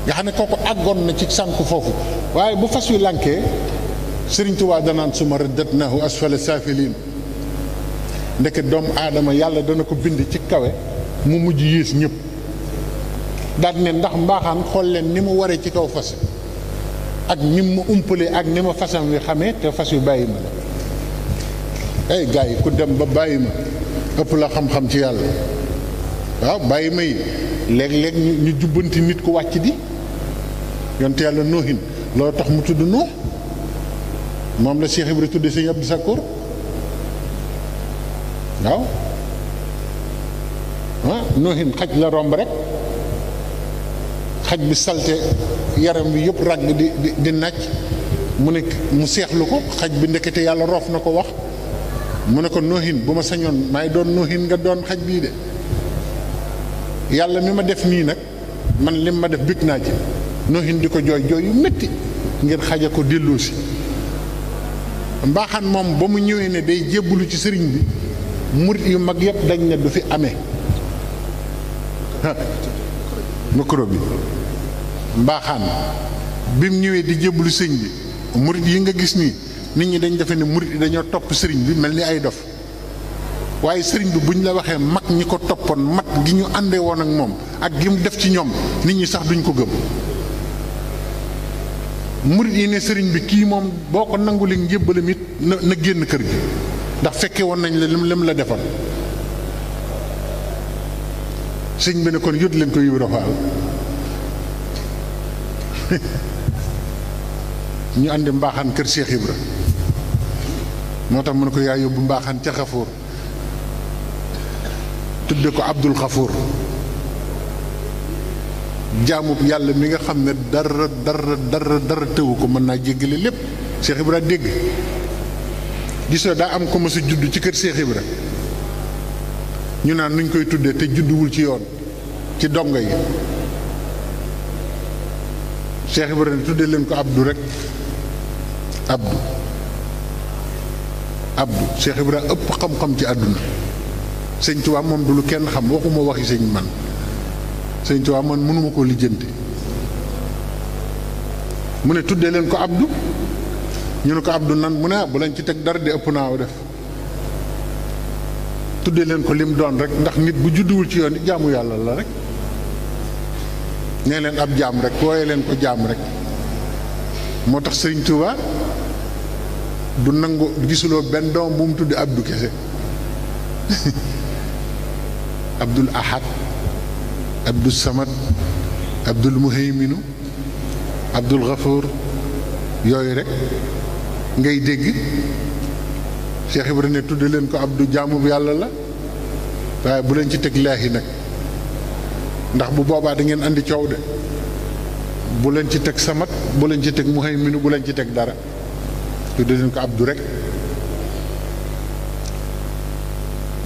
nga xam ne kooku àggoon na ci sànk foofu waaye bu fas wi lànkee sëriñ Tuubaa danaan suma raddatnahu asfala saafiliin ndeke doom aadama yàlla dana ko bind ci kawe mu mujj yées ñépp daal ne ndax mbaaxaan xool leen ni mu waree ci kaw fas ak ni mu umpalee ak ni ma fasam wi xamee te fas wi bàyyi ma la ay gars yi ku dem ba bàyyi ma ëpp la xam-xam ci yàlla waaw bàyyi may léeg-léeg ñu jubbanti nit ku wàcc di yonte yàlla noohin loo tax mu tudd noox moom la Cheikh Ibra tudde sëñ Abdou Sakkoor waaw ah noohin xaj la romb rek xaj bi salte yaram wi yëpp ràgg di di di nàcc mu ne mu seexlu ko xaj bi ndekete yàlla roof na ko wax mu ne ko noohin bu ma sañoon maay doon noohin nga doon xaj bii de yàlla mi ma def nii nag man lim ma def bég naa ci noohin di ko jooy jooy yu métti ngir xaja ko delloo si mbaaxaan moom ba mu ñëwee ne day jébbalu ci sëriñ bi murit yu mag yëpp dañ ne du fi amee micro bi mbaaxaan bi mu ñëwee di jébbalu sëriñ bi murit yi nga gis nii nit ñi dañ defe ne murit yi dañoo topp sëriñ bi mel ni ay dof waaye sëriñ bi bu ñu la waxee mag ñi ko toppoon mat gi ñu àndee woon ak moom ak gi def ci ñoom nit ñi sax duñ ko gëm murit yi ne sëriñ bi kii moom boo ko nangulee njébbalam it na génn kër gi ndax fekkee woon nañ la lim lem la defal sëñ bi ne kon yót leen ko Ibra Faal ñu àndi mbaaxaan kër Cheikh Ibra moo tax mu ne ko yaa yóbbu mbaaxaan ca Xafoor tudde ko Abdul Xafuur jaamub yàlla mi nga xam ne dara dara dara dara tëwu ko mën naa jéggale lépp Cheikh Ibra dégg gis daa am ko mës judd ci kër Cheikh Ibra ñu naan nuñ koy tuddee te judduwul ci yoon ci dongo yi Cheikh Ibra ne tuddee leen ko Abdou rek Abdou Abdou Cheikh Ibra ëpp xam-xam ci àdduna seigne touba mom du lu kenn xam waxuma waxi seigne man seigne touba man munu ko lijeenti mune tudde len ko abdu ñu ko abdu nan mune ah, bu len ci tek dar di ëpp naaw def tudde len ko lim doon rek ndax nit bu judduwul ci yoon jaamu yalla la rek nee ab jaam rek koy len ko jaam rek motax seigne touba du nangu gisulo ben doom bu mu tuddi abdu kese Abdul Ahad Abdul Samad Abdul Muhayminu Abdul Ghafour yooyu rek ngay dégg Cheikh Ibrahima ne tudd leen ko Abdou jaamu bu yàlla la waaye bu leen ci teg laahi nag ndax bu boobaa da ngeen andi coow de bu leen ci teg Samad bu leen ci teg Muhayminu bu leen ci teg dara tudd leen ko Abdou rek.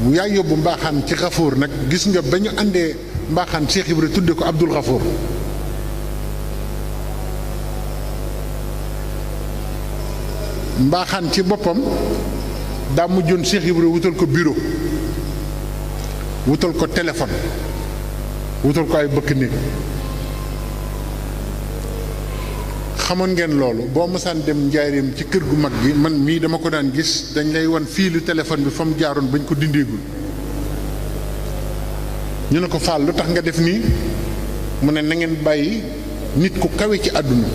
mu yaay yóbbu mbaaxaan ci xafoor nag gis nga ba ñu àndee mbaaxaan Cheikh Ibra tudde ko Abdul Xafoor mbaaxaan ci boppam daa mujjoon Cheikh Ibra wutal ko bureau wutal ko téléphone wutal ko ay bëkk néeg xamone ngeen loolu boo mësaan dem njaareem ci kër gu mag gi man mii dama ko daan gis dañ lay wan li téléphone bi fam jaaroon bañ ko dindeegul ñu ne ko faal lu tax nga def nii mu ne na ngeen bàyyi nit ku kawe ci àdduna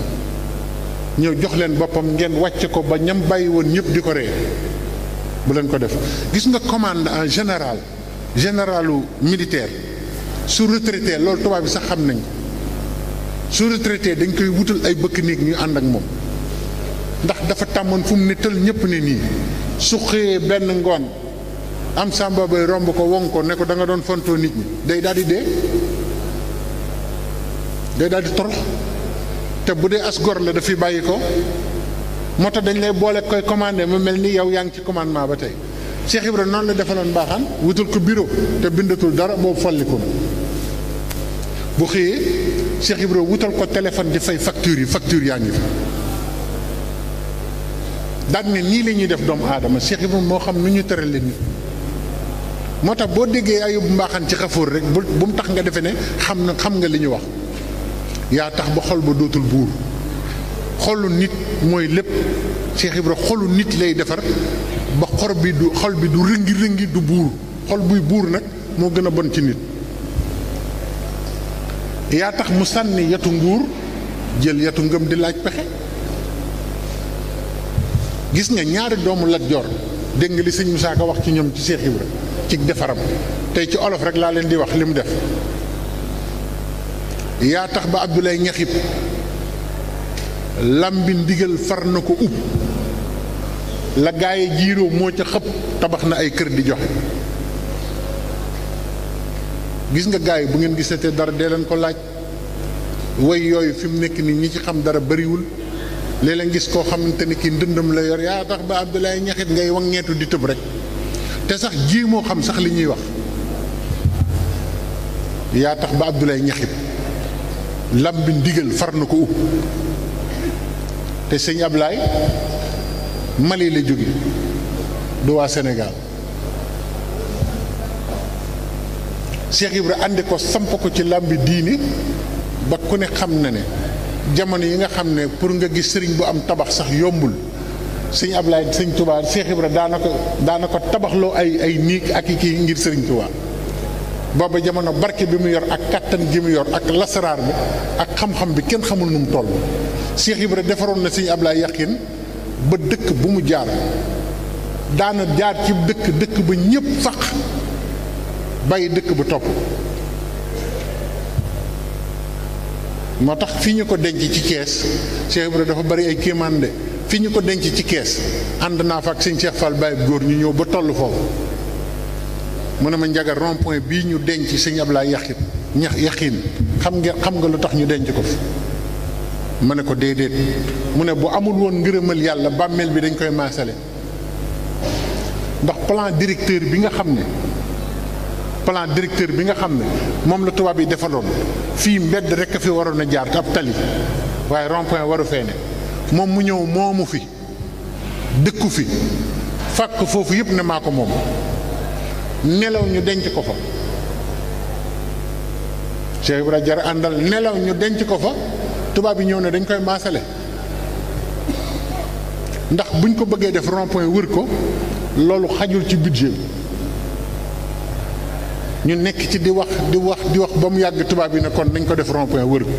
ñëw jox leen boppam ngeen wàcce ko ba ñam bàyyi woon ñëpp di ko ree bu leen ko def gis nga commande en général généralu militaire su retraité loolu tubaab bi sax xam su retraité dañ koy wutal ay bëkk néeg ñu ànd ak moom ndax dafa tàmmoon fu mu ne tël ñëpp ne nii su xëyee benn ngoon am sàmba bay romb ko won ko ne ko danga doon fontoo nit ñi day daal di dee day daal di torox te bu dee as gor la dafiy bàyyi ko moo tax dañ lay boole koy commandé mu mel ni yow yaa ngi ci commandement ba tey Cheikh Ibra noonu la defaloon baaxaan wutal ko biro te bindatul dara boobu folli ko bu xëyee Cheikh Ibra wutal ko téléphone di fay facture yi facture yaa ngi fi daan ne nii la ñuy def doomu aadama Cheikh Ibra moo xam nu ñu tëralee nit moo tax boo déggee ayub mbaaxan ci xafóor rek bu mu tax nga defene xam na xam nga li ñu wax ya tax ba xol ba dotul bur xolu nit moy lépp Cheikh Ibra xolu nit lay defar ba xor bi du xol bi du rëngi rëngi du bur xol bu bur nak mo gëna bon ci nit ya tax mu sanni yatu nguur jël yatu ngëm di laaj pexe gis nga ñaari doomu Lat jor dégg li seigne Musaa Ka wax ci ñom ci cheikh Ibra ci defaram tay ci olof rek la leen di wax li def ya tax ba abdoulay ñaxib lambi ndigal far la gaay jiiro mo ci xep tabax ay kër di joxe gis nga gaay bu ngeen gisatee dara dee leen ko laaj way yooyu fi mu nekk nii ñi ci xam dara bariwul léeg-léeg gis koo xamante ni ki ndëndam la yor yaa tax ba abdoulaye ñaxit ngay wangeetu di tëb rek te sax jéemoo xam sax li ñuy wax yaa tax ba abdoulaye ñaxit lam bi ndigal far na ko te sëñ ablaay mali la jóge du waa sénégal Cheikh Ibra àndi ko samp ko ci làmbi diini ba ku ne xam na ne jamono yi nga xam ne pour nga gis sëriñ bu am tabax sax yombul sëñ Ablaye sëñ Touba Cheikh Ibra daana ko daana ko tabaxloo ay ay niig ak i kii ngir sëriñ Touba booba jamono barke bi mu yor ak kattan gi mu yor ak lasaraar bi ak xam-xam bi kenn xamul nu mu toll Cheikh Ibra defaroon na sëñ Ablaye yaqin ba dëkk bu mu jaar daana jaar ci dëkk dëkk ba ñëpp sax bay dëkk bu topp moo tax fi ñu ko denc ci Thiès Cheikh Ibra dafa bari ay kéemaan de fi ñu ko denc ci Thiès ànd naa fa ak sëñ Cheikh Fall Baye góor ñu ñëw ba toll foofu mu ne ma njagar rond point bii ñu denc sëñ Ablaye yaqin ñax yaqin xam nga xam nga lu tax ñu denc ko fi ma ne ko déedéet mu ne bu amul woon ngërëmal yàlla bàmmeel bi dañ koy maasale ndax plan directeur bi nga xam ne plan directeur bi nga xamne mom la tuba bi defaloon fi mbedd rek fi waro na jaar ab tali waye rond point waru fee ne moom mu ñëw momu fi dëkku fi fak fofu yep ne mako mom nelaw ñu denc ko fa Cheikh Ibra Jar àndal nelaw ñu denc ko fa tuba bi ñëw ne dañ koy masalé ndax buñ ko bëggé def rond point wër ko lolu xajul ci budget ñu nekk ci di wax di wax di wax ba mu yàgg tubaab yi nekkoon dañ ko def rond point wër bi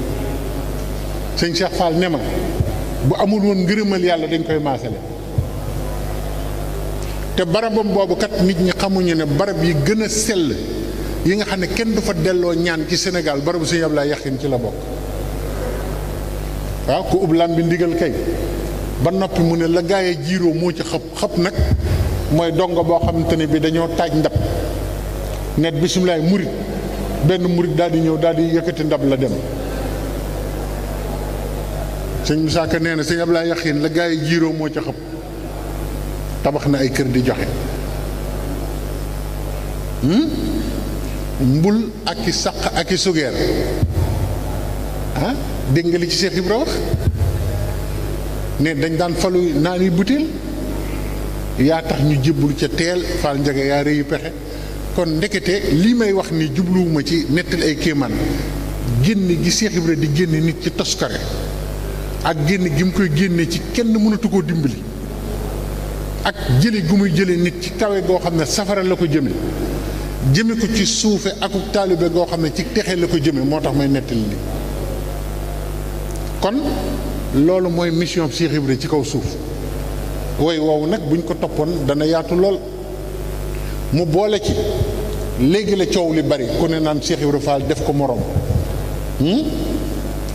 sëñ Cheikh ne ma bu amul woon ngërëmal yàlla dañ koy maasale te barabam boobu kat nit ñi xamuñu ne barab yi gën a sell yi nga xam ne kenn du fa delloo ñaan ci Sénégal barabu sëñ Abdoulaye Yakhine ci la bokk waaw ku ub bi ndigal kay ba noppi mu ne la gaay a jiiroo moo ci xëpp xëpp nag mooy dongo boo xamante ne bi dañoo taaj ndab net bisimilaay murit benn murit daal di ñëw daal di yëkkati ndab la dem sëñ mu Ka nee na sëñ Ablaay Yaxin la gaa yi jiiroo moo ca xëpp tabax na ay kër di joxe hmm? mbul ak i saq ak i sugeer ah dégg nga li ci Cheikh Ibra ne dañ daan falu naan yi butéel yaa tax ñu jébbul ca teel faal njege yaa rëyu pexe kon ndekete lii may wax ni jubluwuma ci nettali ay kéemaan génn gi Cheikh di génne nit ci toskare ak génn gi mu koy génne ci kenn mënatu koo dimbali ak jële gu muy jële nit ci kawe goo xam ne safara la ko jëme jëme ko ci suufe aku taalibe goo xam ne ci texe la ko jëme moo tax may nettali li kon loolu mooy mission Cheikh Ibra ci kaw suuf woy woowu nag buñ ko toppoon dana yaatu lool mu boole ci léegi la coow li bari ku ne naan Cheikh Ibrahima def ko morom hmm?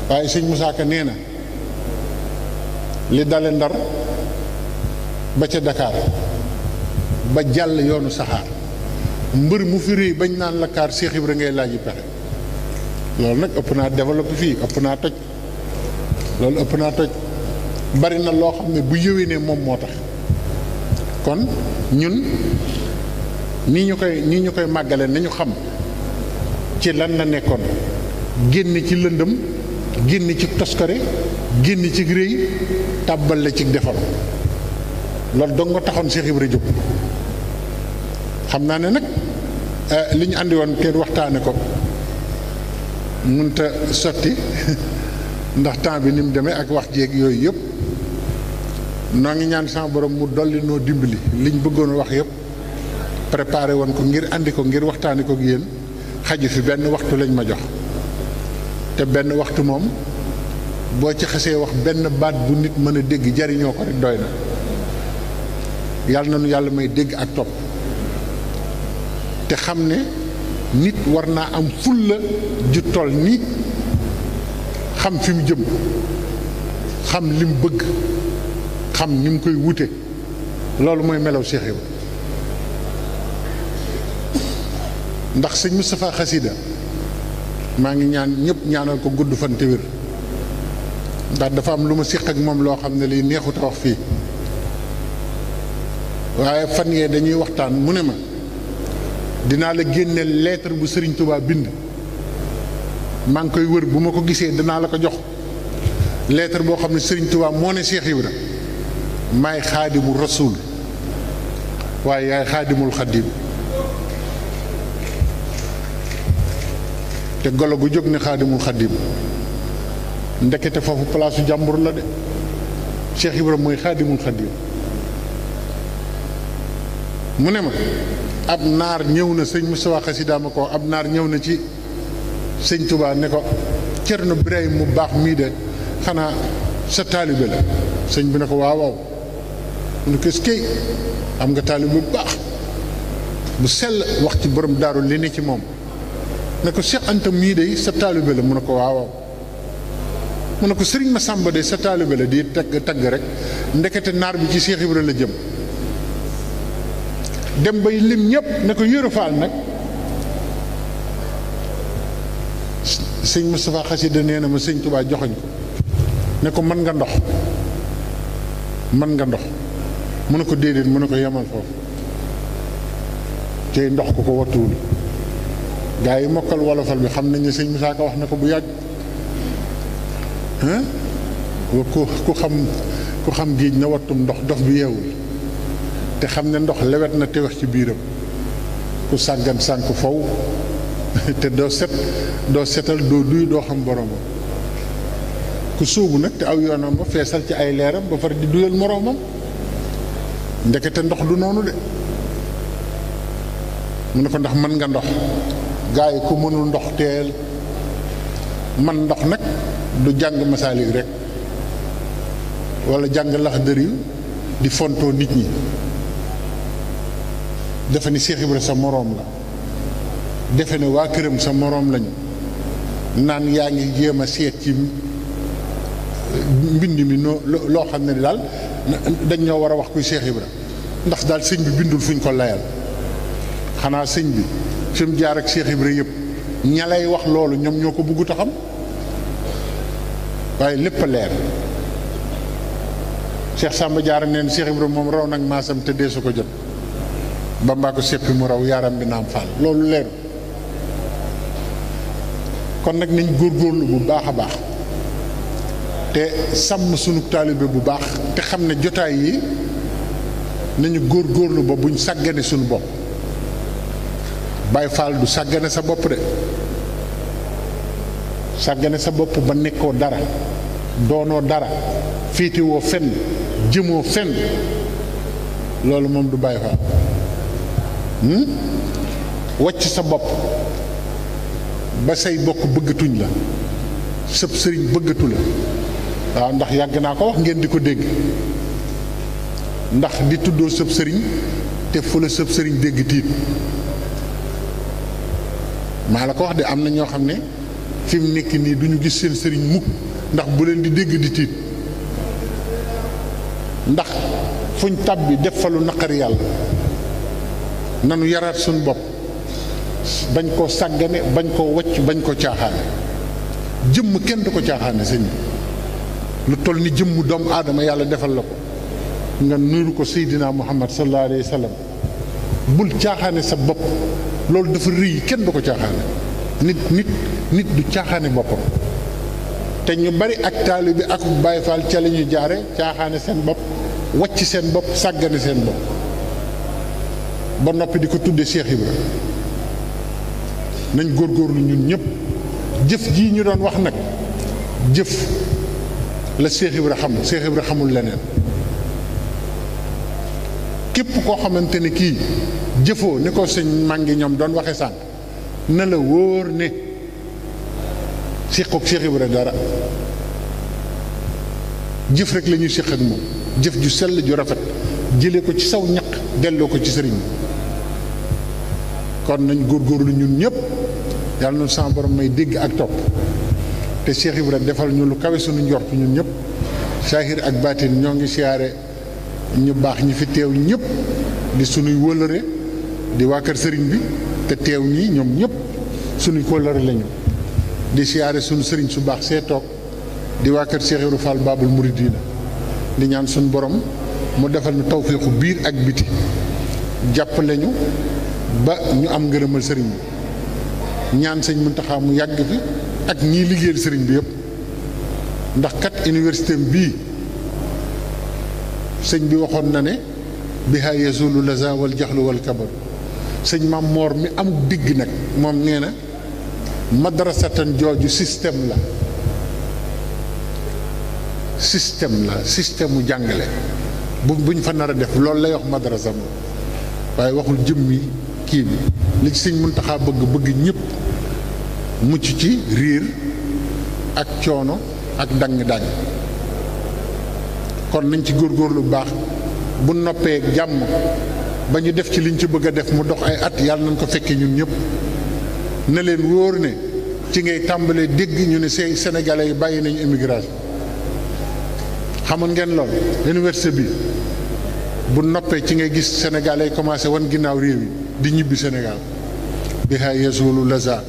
waaye suñ Moussa Ka nee na li dale Ndar ba ca dakaar ba jàll yoonu saxaar mbër mu fi réy bañ naan la kaar Cheikh Ibra ngay laaj pexe loolu nag ëpp naa développé fii ëpp naa toj loolu ëpp naa toj bari na loo xam ne bu yëwee ne moom moo tax kon ñun nii ñu koy nii ñu koy màggale nañu xam ci lan la nekkoon génn ci lëndam génn ci toskare génn ci réy tàbbal la ci defal loolu dong nga taxoon Cheikh Ibra jóg xam naa ne nag eh, li ñu àndi woon kenn waxtaane ko munta sotti ndax temps bi ni mu demee ak wax jeeg yooyu yëpp noo ngi ñaan sama borom mu dolli noo dimbali ñu bëggoon wax yëpp préparé woon ko ngir andi ko ngir waxtaani ko ak yéen xaju fi benn waxtu lañ ma jox te benn waxtu moom boo ci xasee wax benn baat bu nit mën a dégg jariñoo ko rek doy na yàlla na nu yàlla may dégg ak topp te xam ne nit war naa am fulla ju toll ni xam fi mu jëm xam li mu bëgg xam ni mu koy wute loolu mooy melaw Cheikh ndax sëñ Moustapha Xasida maa ngi ñaan ñëpp ñaanal ko gudd fan te wér ndax dafa am lu ma siq ak moom loo xam ne lii neexut a wax fii waaye fan yee dañuy waxtaan mu ne ma dinaa la génneel lettre bu Serigne Touba bind maa ngi koy wër bu ko gisee dinaa la ko jox lettre Serigne Touba ne Cheikh Ibra rasul waaye yaay xaadimul xadim te golo gu jóg ne xaadimul xaddim ndekete foofu palaasu jàmbur la de Cheikh Ibrahima mooy xaadimul xaddim mu ne ma ab naar ñëw na sëñ Moustapha Xasida ma ko ab naar ñëw na ci sëñ Touba ne ko cër na Birahim mu baax mii de xanaa sa taalibe la sëñ bi ne ko waaw waaw mu ko kay am nga taalibe bu baax bu sell wax ci borom daaru li ne ci moom ne ko Cheikh mii day sa taalibe la mu ne ko waawaaw mu ne ko Serigne Massamba day sa taalibe la di tagg tagg rek ndekete naar bi ci Cheikh Ibra la jëm dem bay lim ñëpp ne ko Yoro Fall nag sëñ Moustapha Xasida nee na ma sëñ Touba joxoñ ko ne ko mën nga ndox mën nga ndox mu ne ko déedéet mu ne ko yemal foofu tey ndox ku ko wattuwul gaa yi mokkal wolofal bi xam nañu sëñ Musaa Ka wax na ko bu yàgg ku ku xam ku xam géej na wattum ndox dox bi yeewul te xam ne ndox lewet na te wax ci biiram ku sàggan sànk fow te doo set doo setal doo duy doo xam boromam ku suubu nag te aw yoonam ba feesal ci ay leeram ba far di duyal moroomam ndekete ndox du noonu de mu ne ko ndax mën nga ndox gars yi ku mënul ndox teel man ndox nag du jàng masaalik rek walla jàng laxdari di fontoo nit ñi defe ni Cheikh sa moroom la defe ne waa këram sa moroom lañu naan yaa ngi jéem a seet ci mbind mi noo loo xam ne daal dañ ñoo war a wax kuy Cheikh ndax daal sëñ bi bindul fuñ ko layal xanaa sëñ bi fi jaar ak cheikh ibrahim yëpp ñalay wax loolu ñom ñoko bëggu taxam waaye lepp leer cheikh samba jaar neen cheikh ibrahim moom raw nag maasam te deesu ko jot ba mba ko seppi mu raw yaram bi naam faal loolu leer kon nag nañ lu bu baaxa baax te sam sunu talibé bu baax te jotay ne jotaay gor gor lu ba buñ saggane sunu bokk Baay Faal du sàggane sa bopp de sàggane sa bopp ba nekkoo dara doonoo dara féetewoo fenn jëmoo fenn loolu moom du Baay Faal hmm? wàcc sa bopp ba say bokk bëggatuñ la sëb sëriñ bëggatu la waaw ndax yàgg naa ko wax ngeen di ko dégg ndax di tuddoo sëb sëriñ te fu la sëriñ dégg tiit maa la ko wax de am na ñoo xam ne fi mu nekk nii du ñu gis seen sëriñ mukk ndax bu leen di dégg di tiit ndax fuñ tàbbi def fa lu naqari yàlla nanu yaraat suñ bopp bañ koo sàggane bañ koo wacc bañ koo caaxaane jëmm kenn du ko caaxaane sëñ bi lu toll ni jëmm doomu aadama yàlla defal la ko nga nuru ko seydinaa muhammad sallallahu alayhi wa sallam bul caaxaane sa bopp loolu dafa rëy kenn du ko caaxaane nit nit nit du caaxaane boppam te ñu bari ak taalibe bi ak Baay Faal ca la ñuy jaare caaxaane seen bopp wàcc seen bopp sàggane seen bopp ba noppi di ko tuddee Cheikh Ibra góor góorgóorlu ñun ñépp jëf jii ñu doon wax nag jëf la Cheikh Ibra xam Cheikh Ibra xamul leneen képp koo xamante ne kii jëfoo ni ko sëñ ngi ñoom doon waxe sànq na la wóor ne siqoog Cheikh dara jëf rek la ñuy ak moom jëf ju sell ju rafet jëlee ko ci saw ñaq delloo ko ci sëriñ kon nañ góorgóorlu ñun ñëpp yàlla na sama borom may dégg ak topp te Cheikh Ibra defal ñu lu kawe suñu njort ñun ñëpp saahir ak baatin ñoo ngi siyaare ñu baax ñi fi teew ñëpp di sunuy wëlëre di waa kër sëriñ bi te teew ñii ñoom ñëpp suñu kóllëre lañu di siyaare suñu sëriñ su baax see toog di waa kër seexeeru Ibra Fall Babul Mouridina di ñaan suñu borom mu defal ñu tawféexu biir ak biti jàpp ñu ba ñu am ngërëmal sëriñ bi ñaan sëñ Muntaxa mu yàgg fi ak ñii liggéeyal sëriñ bi yëpp ndax kat université bii sëñ bi waxoon na ne bihaa yazulu laza wal jaxlu wal kabaru sëñ Maam Moor mi am digg nag moom nee na madrasatan jooju système la système la système mu jàngale bu buñ fa nar a def loolu lay wax madrasa waaye waxul jëmmi kii bi li ci sëñ Muntaxa bëgg bëgg ñépp mucc ci riir ak coono ak dang-dang kon nañ ci góor góor lu baax bu noppee jàmm ba ñu def ci liñ ci bëgg a def mu dox ay at yàlla nañ ko fekkee ñun ñëpp ne leen wóor ne ci ngay tàmbalee dégg ñu ne say sénégalais yi bàyyi nañu immigration xamoon ngeen lool université bi bu noppee ci ngay gis sénégalais yi commencé wan ginnaaw réew yi di ñibbi Sénégal biha yasulu laza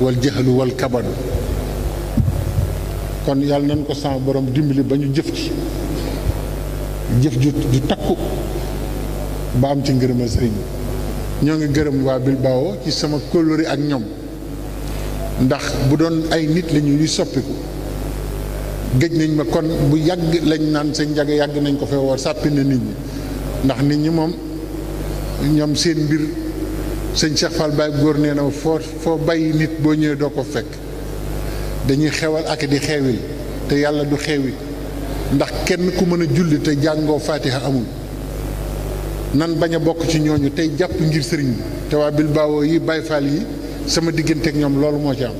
wal jaxlu wal kabadu kon yàlla nañ ko sama borom dimbali ba ñu jëf ci jëf ju ju takku ba am ci ngërëmal sëriñ bi ñoo ngi gërëm waa Bilbao ci sama kóllëre ak ñoom ndax bu doon ay nit lañu ñu soppiku géej nañ ma kon bu yàgg lañ naan seen njaga yàgg nañ ko fee woor na nit ñi ndax nit ñi moom ñoom seen mbir sëñ Cheikh Fall Baye góor nee na foo foo bàyyi nit boo ñëwee doo ko fekk dañuy xewal ak di xeewil te yàlla du xewi ndax kenn ku mën a julli te jàngoo faatiha amul nan bañ a bokk ci ñooñu tey jàpp ngir sëriñ bi te waa Bilbao yi bay Fall yi sama diggante ak ñoom loolu moo ci am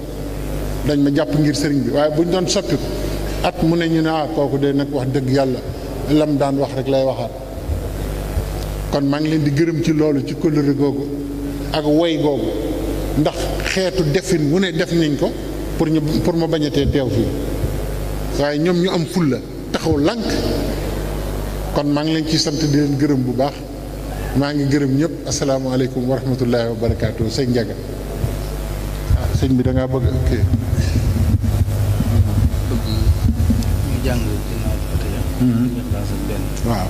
dañ ma jàpp ngir sëriñ bi waaye buñ doon soppi at mu ne ñu ne ah kooku de nekk wax dëgg yàlla lam daan wax rek lay waxaat kon maa ngi leen di gërëm ci loolu ci kóllëre googu ak woy googu ndax xeetu defin wu ne def nañ ko pour pour ma bañatee teew fii waaye ñoom ñu am fulla taxaw lànk kon maa ngi leen ciy sant di leen gërëm bu baax maa ngi gërëm ñëpp asalaamaaleykum wa rahmatullahi wa barakaatu sëñ Ndiaga ah sëñ bi da ngaa bëgg ok. ñu jàng ginnaaw Fatiha. Ixlaas ak benn. waaw.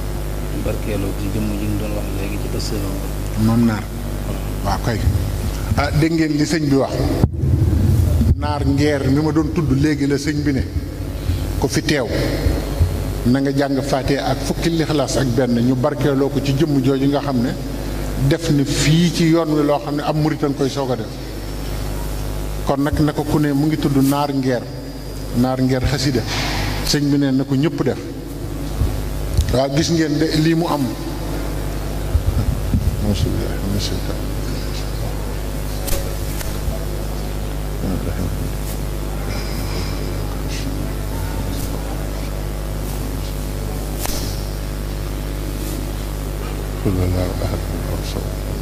barkeeloo ci jëmm ji doon wax léegi ci moom naar. waaw kay ah dégg ngeen li sëñ bi wax naar ngeer mi ma doon tudd léegi la sëñ bi ne ko fi teew na nga jang faté ak fukki l'ikhlas ak ben ñu barkeeloo ko ci jëm joju nga xamné ne def na fi ci yoon wi lo xamné ne am muritan koy soga def kon nak nako ku ne mu ngi tuddu nar ngeer nar ngeer khassida señ bi ne nako ñëpp def wa gis ngeen de mu am alhamdulilah people that are happy also.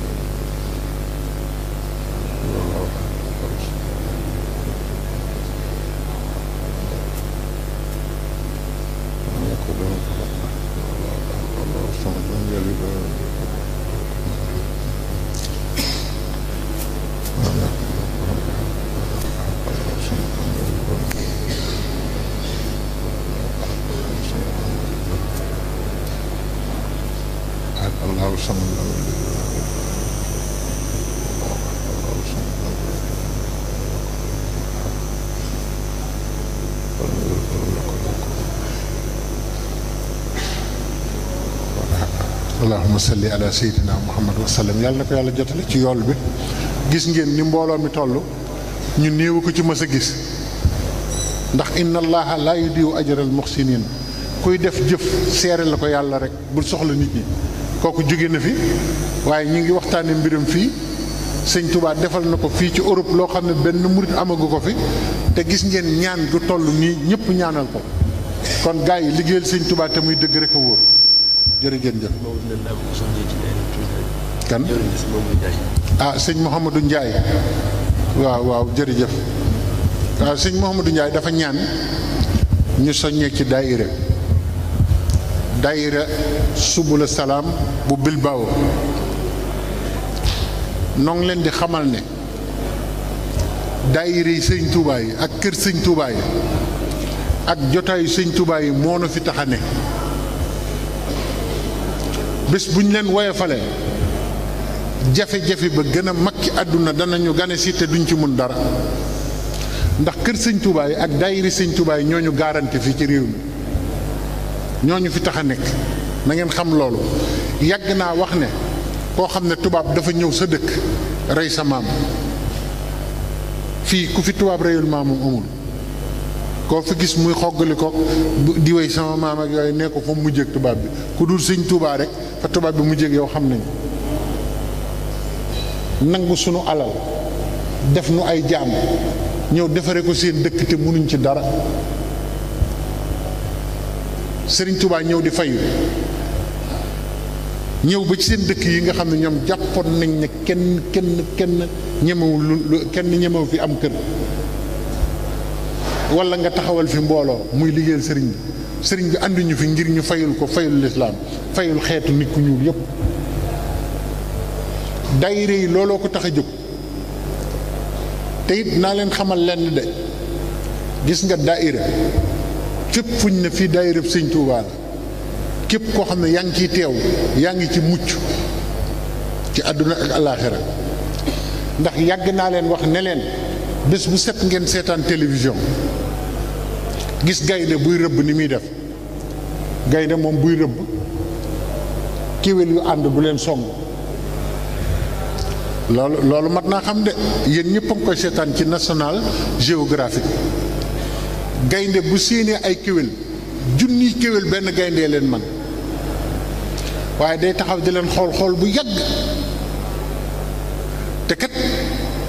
allahuma salli ala sayyidina muhammad wa sallam yàlla na ko yàlla jotale ci yool bi gis ngeen ni mbooloo mi toll ñu néew ko ci mës a gis ndax inna allaha laa yudiyu ajral muxsinin kuy def jëf seere la ko yàlla rek bul soxla nit ñi kooku jóge na fi waaye ñu ngi waxtaane mbiram fii sëñ Touba defal na ko fii ci Europe loo xam ne benn murit amagu ko fi te gis ngeen ñaan gu toll nii ñëpp ñaanal ko kon gars yi liggéeyal sëñ tubaat te muy dëgg rek a jërë ngeen jëf. kan ah sëñ Mouhamadou Ndiaye. waaw waaw jërëjëf. waaw ah, sëñ Mouhamadou njaay dafa ñaan ñu soññee ci daayira daayira subula salaam bu Bilbao noo ngi leen di xamal ne daayira yi sëñ Touba yi ak kër sëñ Touba ak jotaayu sëñ Touba yi moo nu fi tax ne bés bu ñu leen woyofalee jafe-jafe ba gën a mag ci àdduna danañu gane si te duñ ci mun dara ndax kër sëñ Tuubaa ak daayiri sëñ Tuubaa yi ñoo ñu garanti fii ci réew mi ñoo ñu fi tax a nekk na ngeen xam loolu yàgg naa wax ne koo xam ne tubaab dafa ñëw sa dëkk rey sa maam fii ku fi tubaab reyul maamam amul. koo fa gis muy xoggali ko di wéy sama maam ak yooyu nee ko fa mu ak tubaab bi ku dul sëñ Tuubaa rek fa tubaab bi mu ak yow xam nañu nangu sunu alal def nu ay jaam ñëw defare ko seen dëkk te mënuñ ci dara sëriñ Tuubaa ñëw di fayu ñëw ba ci seen dëkk yi nga xam ne ñoom jàppoon nañ ne kenn kenn kenn ñemewul lu kenn ñemewu fi am kër wala nga taxawal fi mbolo muy liggéeyal serigne bi sëriñ bi ànduñu fi ngir ñu fayul ko fayul l'islam fayul xeetu nit ku ñuul yépp dayre yi looloo ko taxa a jóg te it naa leen xamal lenn de gis nga daayira fépp fuñ ne fii daayira sëñ Tuubaa la képp koo xam ne yaa ngi ciy teew yaa ngi ci mucc ci àdduna ak alaaxira ndax yàgg naa leen wax ne leen bés bu set ngeen seetaan télévision gis gaynde buy rëbb ni muy def gaynde moom buy rëbb kiwel yu ànd bu leen song loolu loolu mat naa xam de yéen ñëpp a seetaan ci National Geographic gaynde bu séenee ay kéwél junniy kéwél benn gayndee leen man waaye day taxaw di leen xool xool bu yàgg te kat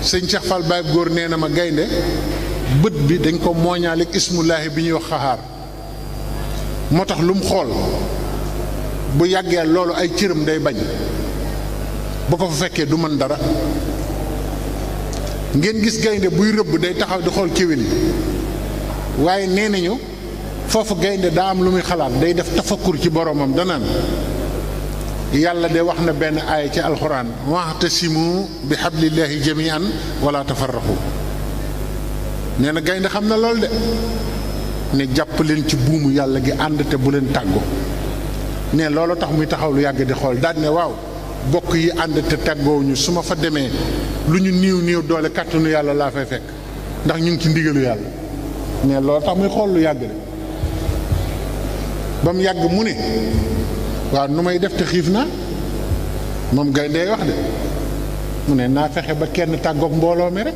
sëñ Cheikh Fall góor nee na ma gaynde bët bi dañ ko mooñaaleeg ismullaahi bi ñuy wax xaxaar moo tax lu mu xool bu yàggee loolu ay cëram day bañ ba ko fa fekkee du mën dara ngeen gis gaynde buy rëbb day taxaw di xool kéwél yi waaye nee nañu foofu gaynde daa am lu muy xalaat day def tafakkur ci boroomam danaan yàlla de wax na benn aaya ci alxuraan waxte waxtasimu bi xablillaahi jamian wala tafarraxu nee na gaynde xam na lool de ne jàpp leen ci buumu yàlla gi ànd te bu leen tàggoo ne loolu tax muy taxaw lu yàgg di xool daal ne waaw bokk yi ànd te tàggoo ñu su ma fa demee lu ñu niiw niiw doole kàttanu yàlla laa fay fekk ndax ñu ngi ci ndigalu yàlla ne loolu tax muy xool lu yàgg de ba mu yàgg mu ne waaw nu may def te xiif naa moom gayndee wax de mu ne naa fexe ba kenn tàggoog mbooloo mi rek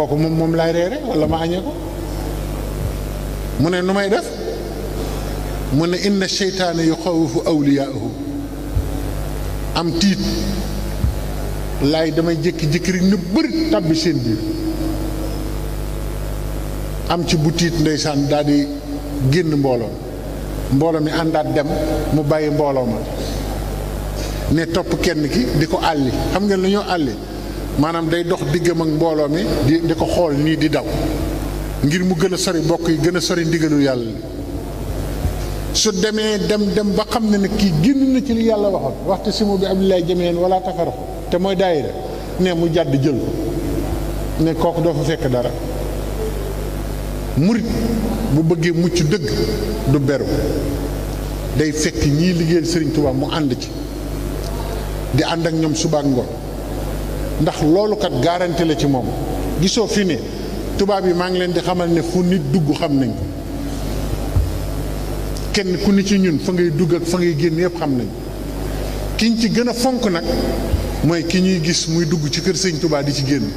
kooku moom moom laay reere wala ma añee ko mu ne nu may def mu ne inna seytaane yu xawifu awliyaahu am tiit laay damay jékki-jékki rek ñu bëri tàbbi seen biir am ci bu tiit ndeysaan daal di génn mbooloo mbooloo mi àndaat dem mu bàyyi mbooloo ma ne topp kenn ki di ko àlli xam ngeen lu ñoo àlli Manam day dox diggam ak mbolo mi di di ko ni nii di daw ngir mu gëna sori bokk yi gëna sori ndigalu yalla su demee dem dem ba xamné ne ki kii na ci li yalla waxal waxtu simu bi abdullahi jameen wala tafara te moy daayira ne mu jadd jël ne kok do fa fekk dara murid bu bëggee mucc dëgg du beru day fekk ñi liggéey serigne touba mu and ci di and ak ñom suba ngor ndax loolukat kat la ci moom gisoo fi ne tubaab yi maa ngi leen di xamal ne fu nit dugg xam nañ kenn ku ni ci ñun fa ngay dugg ak fa ngay génn yëpp xam nañ kiñ ci gën a fonk nag mooy ki ñuy gis muy dugg ci kër sëñ Tuubaa di ci génn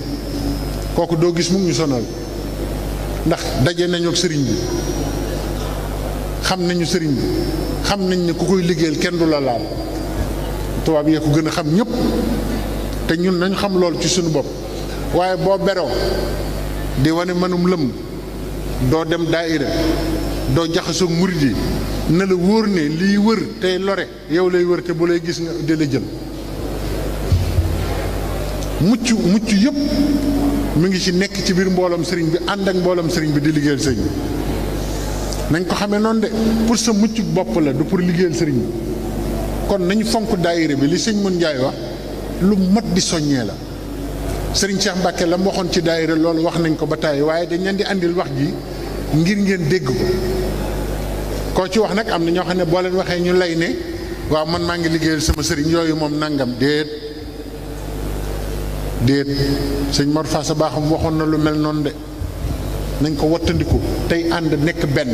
kooku doo gis mu ñu sonal ndax daje nañu ak sëriñ bi xam nañu sëriñ bi xam nañ ne ku koy liggéeyal kenn du la laal tubaab yee ko gën a xam ñëpp. te ñun nañ xam loolu ci suñu bopp waaye boo beroo di wane mënum lëmm doo dem daayira doo jaxasoo murid yi na la wóor ne liy wër tey lore yow lay wër te bu lay gis nga di la jël mucc mucc yëpp mu ngi ci nekk ci biir mbooloom sëriñ bi ànd ak mbooloom sëriñ bi di liggéeyal sëriñ bi nañ ko xamee noonu de pour sa mucc bopp la du pour liggéeyal sëriñ bi kon nañu fonk daayira bi li sëñ mën njaay wax lu mat di soñé la serigne Cheikh mbacké la mu waxoon ci daayira lool wax nañ ko bataay waye dañ leen di andil wax ji ngir ngeen dégg ko ko ci wax nak am ño xamné bo leen waxé ñu lay né wa man ma ngi liggéeyal sama serigne yoyu mom nangam déet déet serigne Mor Fassa baxam waxon na lu mel non de nañ ko wattandiku tay and nek ben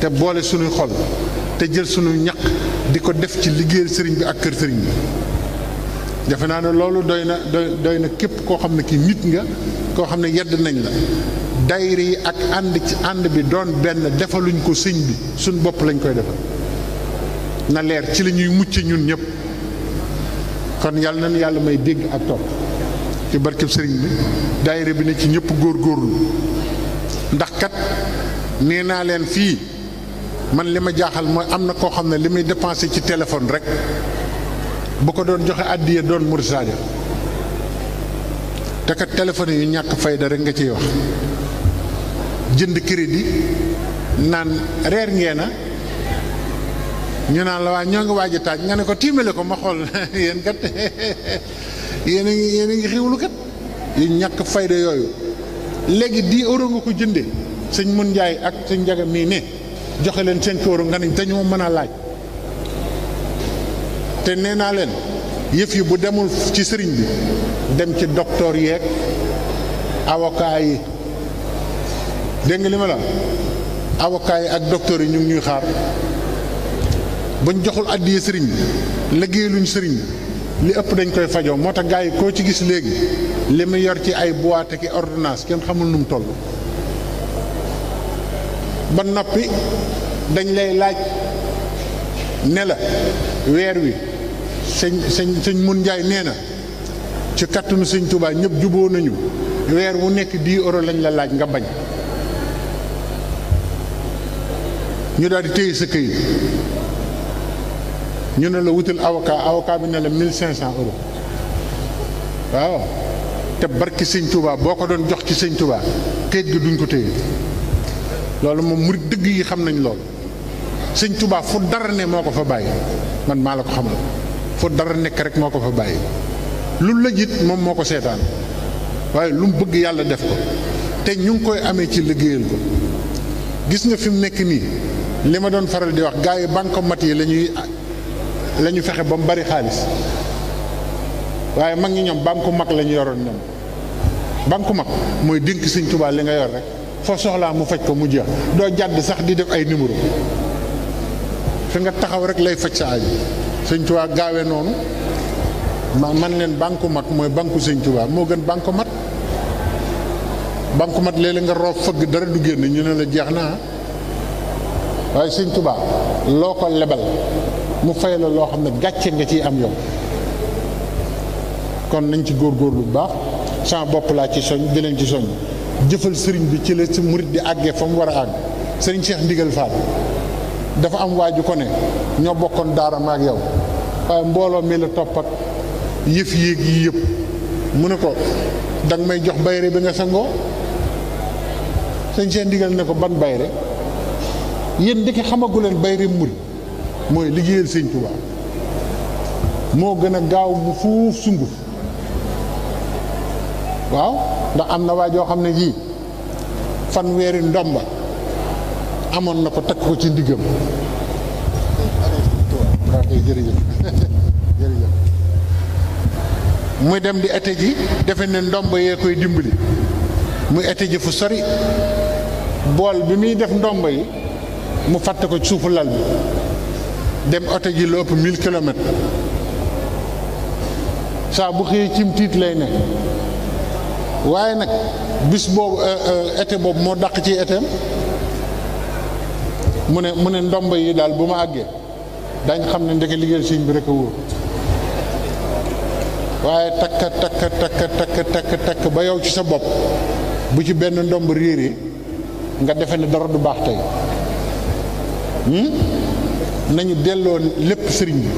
te boole suñu xol te jël suñu ñak diko def ci liggéeyal serigne bi ak kër serigne defe naa ne loolu doy na doy na képp koo xam ne ki nit nga koo xam ne yedd nañ la dayri yi ak ànd ci ànd bi doon benn defaluñ ko sëñ bi suñu bopp lañ koy defal na leer ci la ñuy mucc ñun ñëpp kon yàlla nañu yàlla may dégg ak topp ci barkeb sëriñ bi daayira bi ne ci ñëpp góor góorlu ndax kat nee naa leen fii man li ma jaaxal mooy am na koo xam ne li muy dépensé ci téléphone rek bu ko doon joxe addiya doon murid sadio te ka téléphone yu ñàkk fayda rek nga ciy wax jënd crédit naan reer ngeena ñu naan la waa ñoo ngi waaj taaj nga ne ko tiimale ko ma xool yéen kat yéen ngi yéen a ngi xiwlu kat yu ñàkk fayda yooyu léegi di euro nga ko jënde sëñ mun njaay ak sëñ njaga mii ne joxe leen cinq euro nga ne mën laaj te nee naa leen yëf yi bu demul ci sëriñ bi dem ci docteur yeeg avocat yi dégg li ma la yi ak docteur yi ñu ngi ñuy xaar buñ joxul àddiyee sëriñ bi liggéey luñ sëriñ bi li ëpp dañ koy fajoo moo tax gars yi koo ci gis léegi li mu yor ci ay boîte ki ordonnance kenn xamul nu mu toll ba noppi dañ lay laaj ne la weer wi sëñ sëñ sëñ mun njaay nee na ci kattanu sëñ Touba ñëpp juboo nañu weer wu nekk 10 euro lañ la laaj nga bañ ñu daal di téye sa këyit ñu ne la wutal avocat avocat bi ne la 1500 euros waaw te barki sëñ Touba boo ko doon jox ci sëñ Touba këyit gi duñ ko téye loolu moom murit dëgg yi xam nañ lool sëñ Touba fu dara ne moo ko fa bàyyi man maa la ko xamal. fu dara nek rek moko ko fa baye lu la moom mom ko setan waye lu bëgg yalla def ko te ñu ngi koy amé ci liggéeyal ko gis nga fim nek ni lima doon faral di wax gaay banko mat yi lañuy lañu fexé ñu ba mu bari xaalis waaye mag ñi ñom banko mak lañu yoron ñom banko mak moy touba li nga yor rek fo soxla mu fajj ko mu jeex do jadd sax di def ay numéro fi nga taxaw rek lay fajj sa sëñ Tuubaa gaawee noonu ma man leen banku mat mooy banku sëñ Tuubaa moo gën banku mag banku mat léeg-léeg nga roof fëgg dara du génn ñu ne la jeex naa waaye sëñ Tuubaa loo ko lebal mu fay la loo xam ne gàcce nga ciy am yow kon nañ ci góor bu baax sama bopp laa ci soñ di leen ci soñ jëfal sëriñ bi ci la si murit di àggee fa mu war a àgg sëriñ Cheikh Ndigal Fall dafa am waaju ko ne ñoo bokkoon daara maak yow waaye mbooloo mi la topp ak yëf yéeg yi yëpp mu ne ko danga may jox bayre bi nga sangoo sëñ seen digal ne ko ban bayre yéen ndeke xamagu leen bayre mul mooy liggéeyal sëñ Tuubaa moo gën a gaaw bu fuuf sunguf waaw ndax am na waajoo xam ne yii fanweeri ndomba amoon na ko takk ko ci ndiggam waa muy dem di ete ji defe ne ndomb yee koy dimbali muy ete ji fu sori bool bi muy def ndomb yi mu fàtte ko suufu lal bi dem oto ji lu ëpp 1000 kilomètres saa bu xëyee cim tiit lay ne waaye nag bis boobu euh, euh, été boobu moo dàq ci éteem mune mune mu ndomb yi dal buma agge dañ xamne ne ndeke liggéeyal sëñ bi rek woor waye tak tak tak tak tak tak ba yow ci sa bop bu ci ben ndomb réeree nga defe ne dara du tay hmm nañu delo lepp sëriñ bi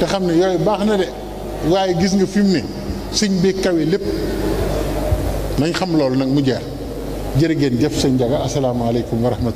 te xamne yoy bax na de waye gis nga fimne mu bi kawé lepp nañ xam loolu nak mu jeer jaga alaykum wa